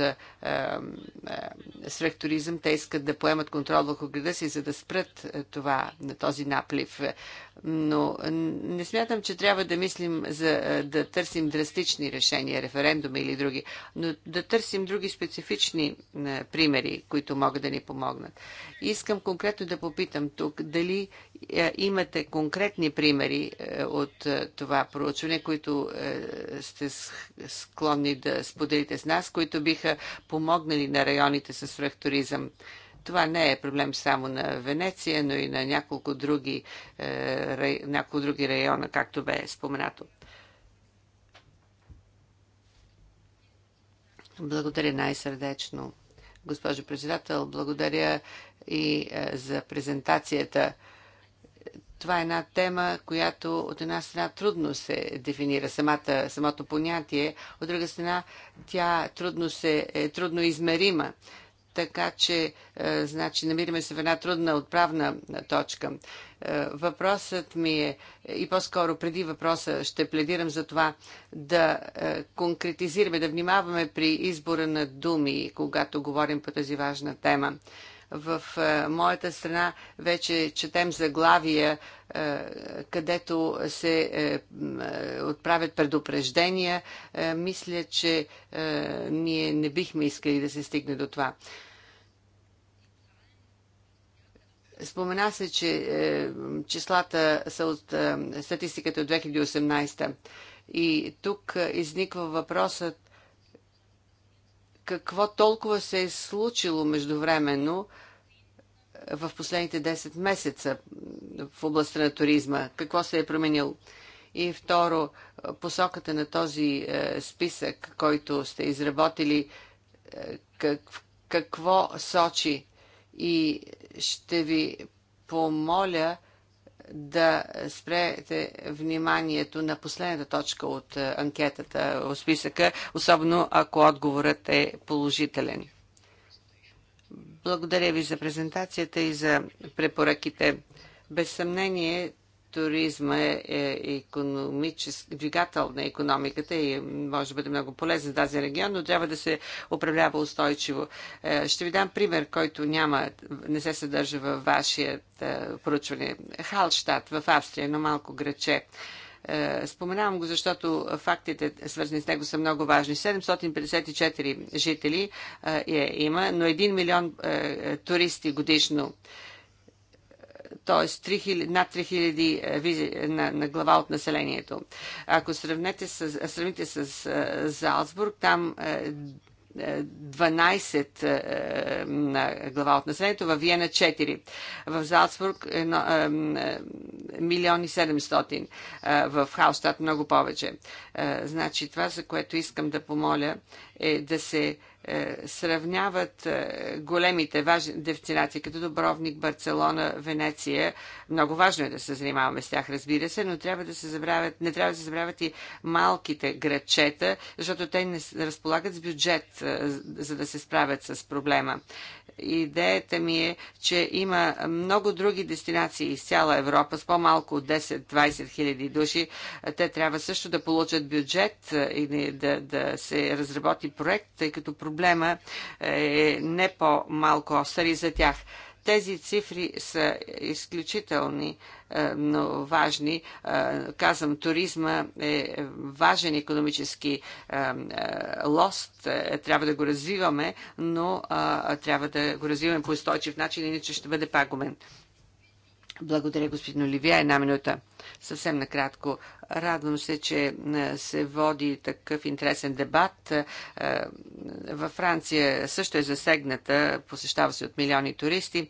свръхтуризъм. Те искат да поемат контрол върху града си, за да спрат това, този наплив. Но не смятам, че трябва да мислим за да търсим драстични решения, референдуми или други, но да търсим други специфични примери, които могат да ни помогнат. Искам конкретно да попитам тук дали имате конкретни примери от това проучване, които сте склонни да споделите с нас, които биха помогнали на районите с свръхтуризъм. Това не е проблем само на Венеция, но и на няколко други, е, няколко други района, както бе споменато. Благодаря най-сърдечно, госпожо председател. Благодаря и е, за презентацията. Това е една тема, която от една страна трудно се дефинира самата, самото понятие, от друга страна тя трудно се, е трудно измерима. Така че, е, значи, намираме се в една трудна отправна е, точка. Е, въпросът ми е, и по-скоро преди въпроса ще пледирам за това да е, конкретизираме, да внимаваме при избора на думи, когато говорим по тази важна тема. Е, в е, моята страна вече четем заглавия, е, където се е, отправят предупреждения. Мисля, че ние не бихме искали да се стигне до това. Спомена се, че числата са от статистиката от 2018. И тук изниква въпросът какво толкова се е случило междувременно е, в последните 10 месеца в областта на туризма? Какво се е променил? И второ, е, посоката на този е, списък, който сте изработили, какво сочи? И ще ви помоля да спрете вниманието на последната точка от е, анкетата, от списъка, особено ако отговорът е положителен. Благодаря ви за презентацията и за препоръките. Без съмнение, туризма е економически, двигател на економиката и може да бъде много полезен за тази регион, но трябва да се управлява устойчиво. Е, ще ви дам пример, който няма, не се съдържа във вашия е, проучване. Халштат в Австрия, едно малко граче. Е, споменавам го, защото фактите, свързани с него, са много важни. 754 жители е, има, но 1 милион е, туристи годишно т.е. над 3000 е, визи е, на, на глава от населението. Ако сравнете с, сравните с е, Залцбург, там 12 на глава от населението, в Виена 4, в Залцбург 1 и 700, в Хаустат много повече. Значи това, за което искам да помоля, е да се е, сравняват е, големите важни дестинации, като Добровник, Барселона, Венеция. Много важно е да се занимаваме с тях, разбира се, но трябва да се забравят, не трябва да се забравят и малките градчета, защото те не разполагат с бюджет, е, за да се справят с проблема. Идеята ми е, че има много други дестинации из цяла Европа с по-малко от 10-20 хиляди души. Те трябва също да получат бюджет и да, да се разработи проект, тъй като проблем проблема е не по-малко остър и за тях. Тези цифри са изключителни, е, но важни. Е, казвам, туризма е важен економически е, лост. Трябва да го развиваме, но трябва да го развиваме по устойчив начин, иначе ще бъде пагумен. Благодаря, господин Оливия. Една минута. Съвсем накратко. Радвам се, че се води такъв интересен дебат. Във Франция също е засегната, посещава се от милиони туристи.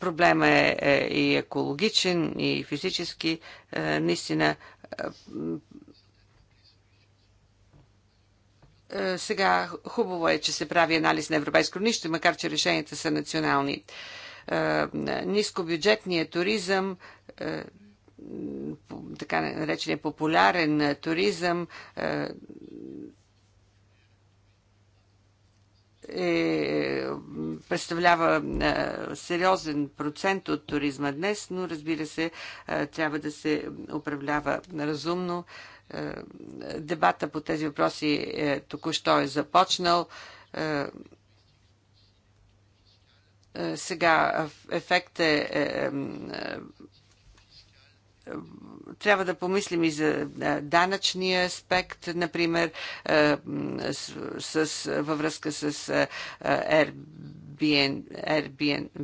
Проблема е, е и екологичен, и физически. Наистина сега хубаво е, че се прави анализ на европейско нищо, макар че решенията са национални. Е, нискобюджетния туризъм е, така наречения популярен туризъм е, е, представлява е, сериозен процент от туризма днес, но разбира се, е, трябва да се управлява разумно. Е, дебата по тези въпроси е, току-що е започнал. Е, е, сега ефекта е, е, е трябва да помислим и за данъчния аспект, например, е, с, с, във връзка с Airbnb.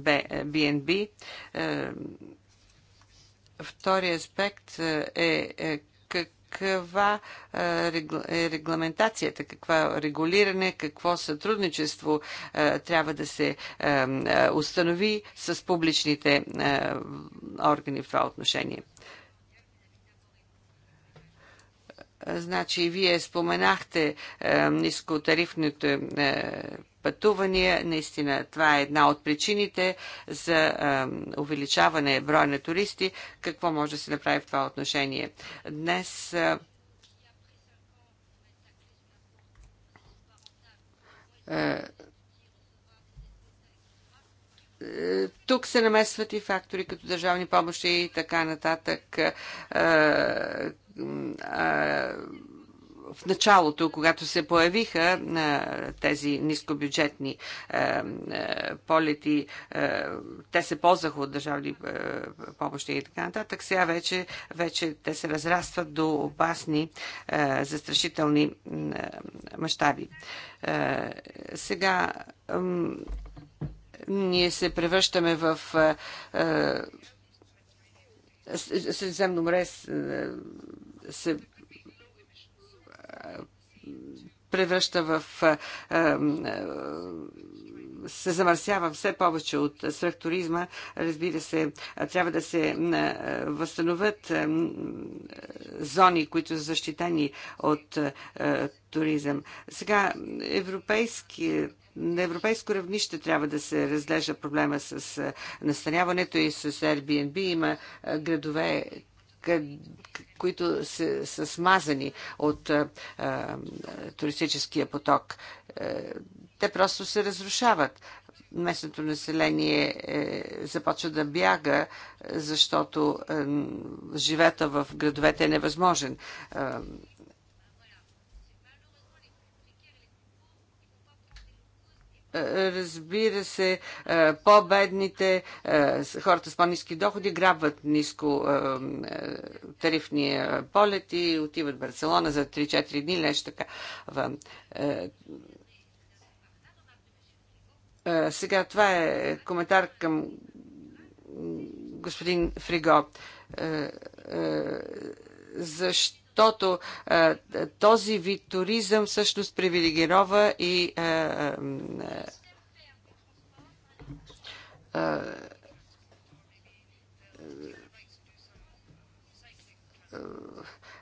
Airbnb. Е, Втория аспект е каква е регламентацията, каква регулиране, какво сътрудничество трябва да се установи с публичните органи в това отношение. Значи, вие споменахте е, нискотарифните е, пътувания. Наистина, това е една от причините за е, увеличаване броя на туристи. Какво може да се направи в това отношение? Днес тук се намесват и фактори като държавни помощи и така нататък. А, а, в началото, когато се появиха на тези нискобюджетни полети, те се ползваха от държавни помощи и така нататък. Сега вече, вече те се разрастват до опасни застрашителни мащаби. Сега ние се превръщаме в Средиземно море се превръща в. се замърсява все повече от свръхтуризма. Разбира се, трябва да се възстановят зони, които са защитени от туризъм. Сега, европейски на европейско равнище трябва да се разглежда проблема с настаняването и с Airbnb. Има градове, които са, са смазани от а, а, туристическия поток. А, е, те просто се разрушават. Местното население е, започва да бяга, защото е, живета в градовете е невъзможен. Е, Е, разбира се, е, по-бедните, е, хората с по-низки доходи грабват ниско тарифния полет и отиват в Барселона за 3-4 дни, нещо така. Сега това е коментар към господин Фриго. Защо защото този вид туризъм всъщност привилегирова и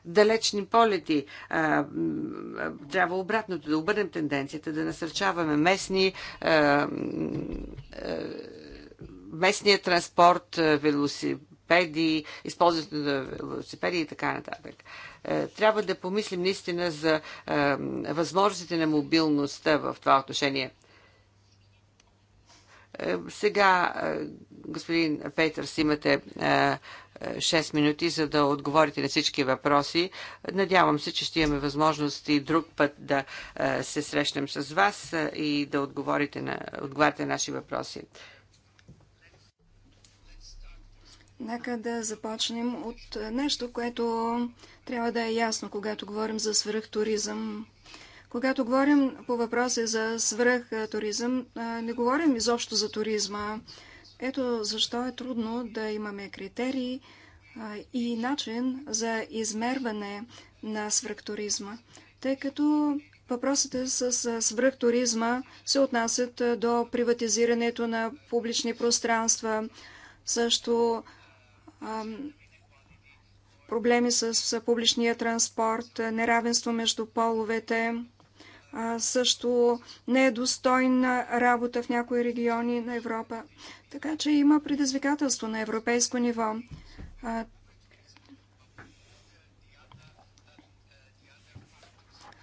далечни полети. Трябва обратното да обърнем тенденцията, да насърчаваме местни местния транспорт, велосипеди, използването на велосипеди и така нататък. Е, трябва да помислим наистина за е, възможностите на мобилността в това отношение. Е, сега, господин Пейтърс, имате 6 минути, за да отговорите на всички въпроси. Надявам се, че ще имаме възможност и друг път да се срещнем с вас и да отговорите на, отговорите на наши въпроси. Нека да започнем от нещо, което трябва да е ясно, когато говорим за свръхтуризъм. Когато говорим по въпроси за свръхтуризъм, не говорим изобщо за туризма. Ето защо е трудно да имаме критерии и начин за измерване на свръхтуризма, тъй като въпросите с свръхтуризма се отнасят до приватизирането на публични пространства, също проблеми с публичния транспорт, неравенство между половете, също недостойна работа в някои региони на Европа. Така че има предизвикателство на европейско ниво.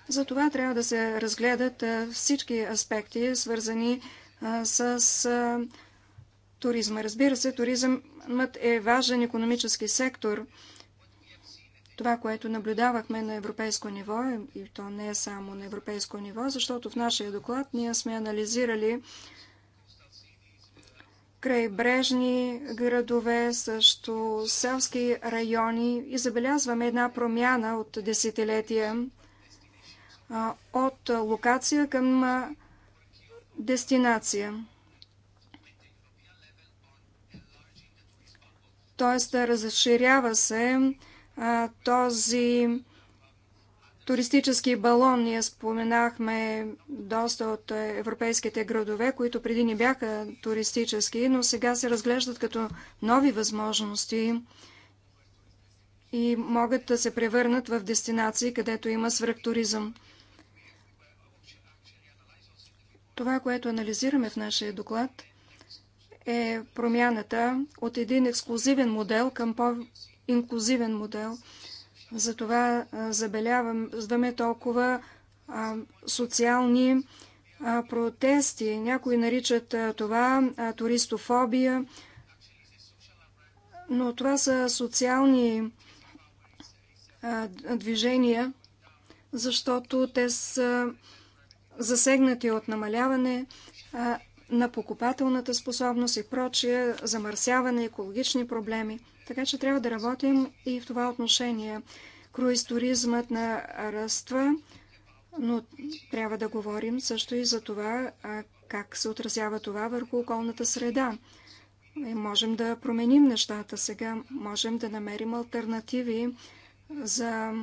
За това трябва да се разгледат всички аспекти, свързани с туризма. Разбира се, туризмът е важен економически сектор – това, което наблюдавахме на европейско ниво, и то не е само на европейско ниво, защото в нашия доклад ние сме анализирали крайбрежни градове, също селски райони и забелязваме една промяна от десетилетия от локация към дестинация. Тоест, разширява се този туристически балон. Ние споменахме доста от европейските градове, които преди не бяха туристически, но сега се разглеждат като нови възможности и могат да се превърнат в дестинации, където има свръхтуризъм. Това, което анализираме в нашия доклад, е промяната от един ексклюзивен модел към инклюзивен модел. Затова забелязваме толкова а, социални а, протести. Някои наричат а, това туристофобия, но това са социални движения, защото те са засегнати от намаляване на покупателната способност и прочие, замърсяване, екологични проблеми. Така че трябва да работим и в това отношение. Круизтуризмът на ръства, но трябва да говорим също и за това как се отразява това върху околната среда. И можем да променим нещата сега, можем да намерим альтернативи за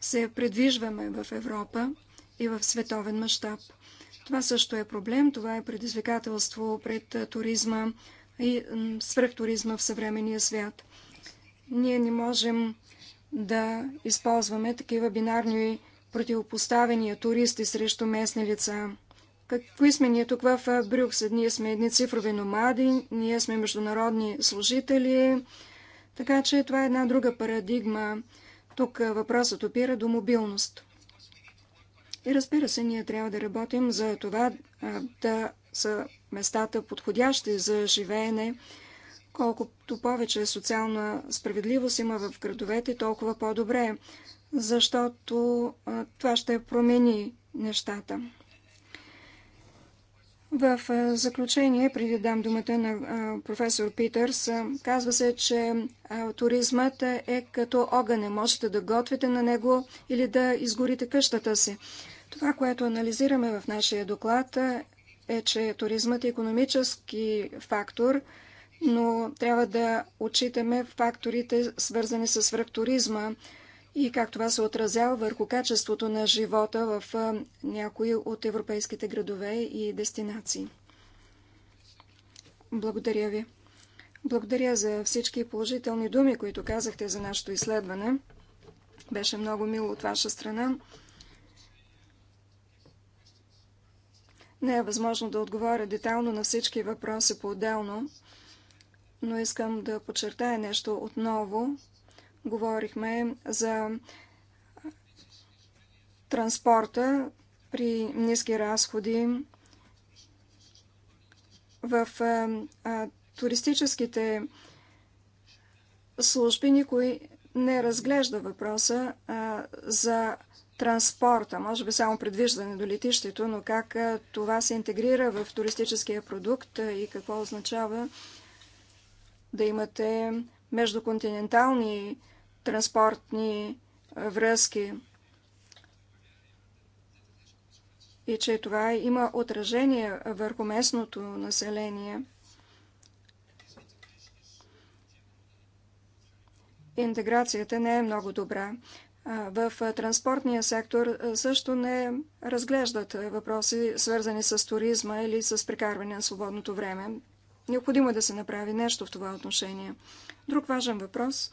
се предвижваме в Европа и в световен мащаб. Това също е проблем, това е предизвикателство пред туризма и свръхтуризма в съвременния свят. Ние не можем да използваме такива бинарни противопоставения туристи срещу местни лица. Какви сме ние тук в Брюкс? Ние сме едни цифрови номади, ние сме международни служители, така че това е една друга парадигма. Тук въпросът опира до мобилност. И разбира се, ние трябва да работим за това да са местата подходящи за живеене, Колкото повече социална справедливост има в градовете, толкова по-добре, защото това ще промени нещата. В заключение, преди да дам думата на професор Питърс, казва се, че туризмът е като огън. Можете да готвите на него или да изгорите къщата си. Това, което анализираме в нашия доклад е, че туризмът е економически фактор – но трябва да отчитаме факторите, свързани с връхтуризма и как това се отразява върху качеството на живота в някои от европейските градове и дестинации. Благодаря ви. Благодаря за всички положителни думи, които казахте за нашето изследване. Беше много мило от ваша страна. Не е възможно да отговоря детално на всички въпроси по-отделно но искам да подчертая нещо отново. Говорихме за транспорта при ниски разходи в туристическите служби никой не разглежда въпроса за транспорта, може би само предвиждане до летището, но как това се интегрира в туристическия продукт и какво означава да имате междуконтинентални транспортни връзки и че това има отражение върху местното население. Интеграцията не е много добра. В транспортния сектор също не разглеждат въпроси, свързани с туризма или с прекарване на свободното време. Необходимо е да се направи нещо в това отношение. Друг важен въпрос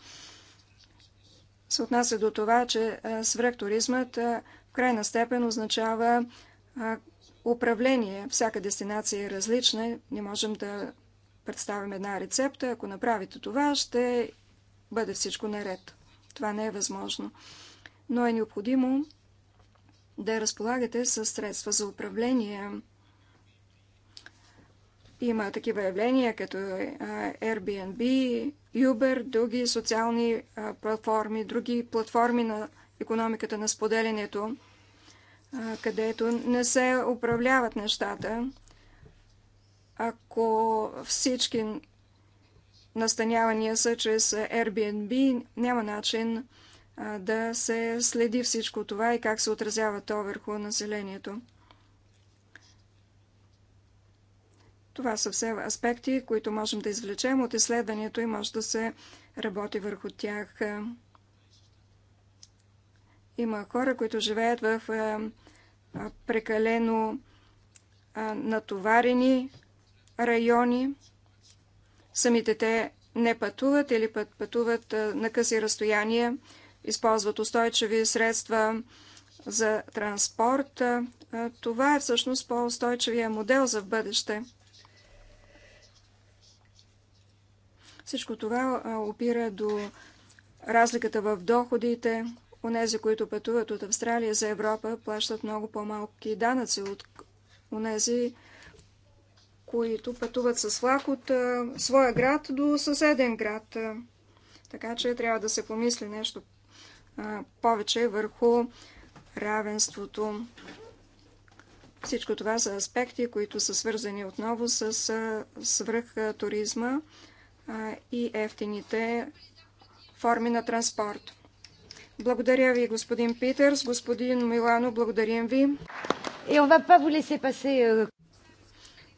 се отнася до това, че свръхтуризмът в крайна степен означава управление. Всяка дестинация е различна. Не можем да представим една рецепта. Ако направите това, ще бъде всичко наред. Това не е възможно. Но е необходимо да разполагате с средства за управление има такива явления като Airbnb, Uber, други социални платформи, други платформи на економиката на споделянето, където не се управляват нещата. Ако всички настанявания са чрез Airbnb, няма начин да се следи всичко това и как се отразява то върху населението. Това са все аспекти, които можем да извлечем от изследването и може да се работи върху тях. Е, има хора, които живеят в е, прекалено натоварени райони. Самите те не пътуват или път пътуват е, на къси разстояния, използват устойчиви средства за транспорт. Това е всъщност по-устойчивия модел за в бъдеще – Всичко това опира до разликата в доходите. Онези, които пътуват от Австралия за Европа, плащат много по-малки данъци от онези, които пътуват с влак от своя град до съседен град. Така че трябва да се помисли нещо повече върху равенството. Всичко това са аспекти, които са свързани отново с свръх туризма и ефтините форми на транспорт. Благодаря ви, господин Питерс, господин Милано, благодарим ви. Euh,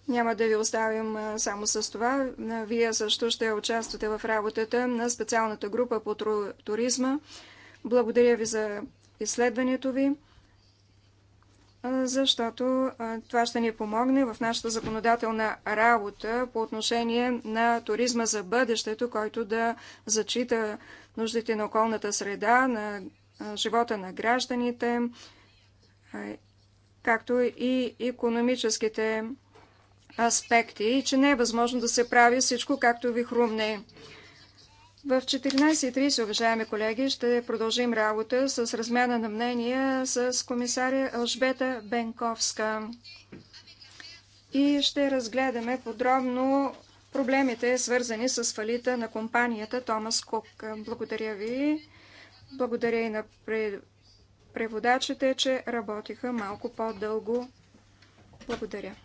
Няма да ви оставим само с това. Вие също ще участвате в работата на специалната група по туризма. Благодаря ви за изследването ви защото това ще ни помогне в нашата законодателна работа по отношение на туризма за бъдещето, който да зачита нуждите на околната среда, на живота на гражданите, както и економическите аспекти, и че не е възможно да се прави всичко както ви хрумне. В 14.30, уважаеми колеги, ще продължим работа с размяна на мнения с комисаря Алжбета Бенковска. И ще разгледаме подробно проблемите, свързани с фалита на компанията Томас Кук. Благодаря ви. Благодаря и на преводачите, че работиха малко по-дълго. Благодаря.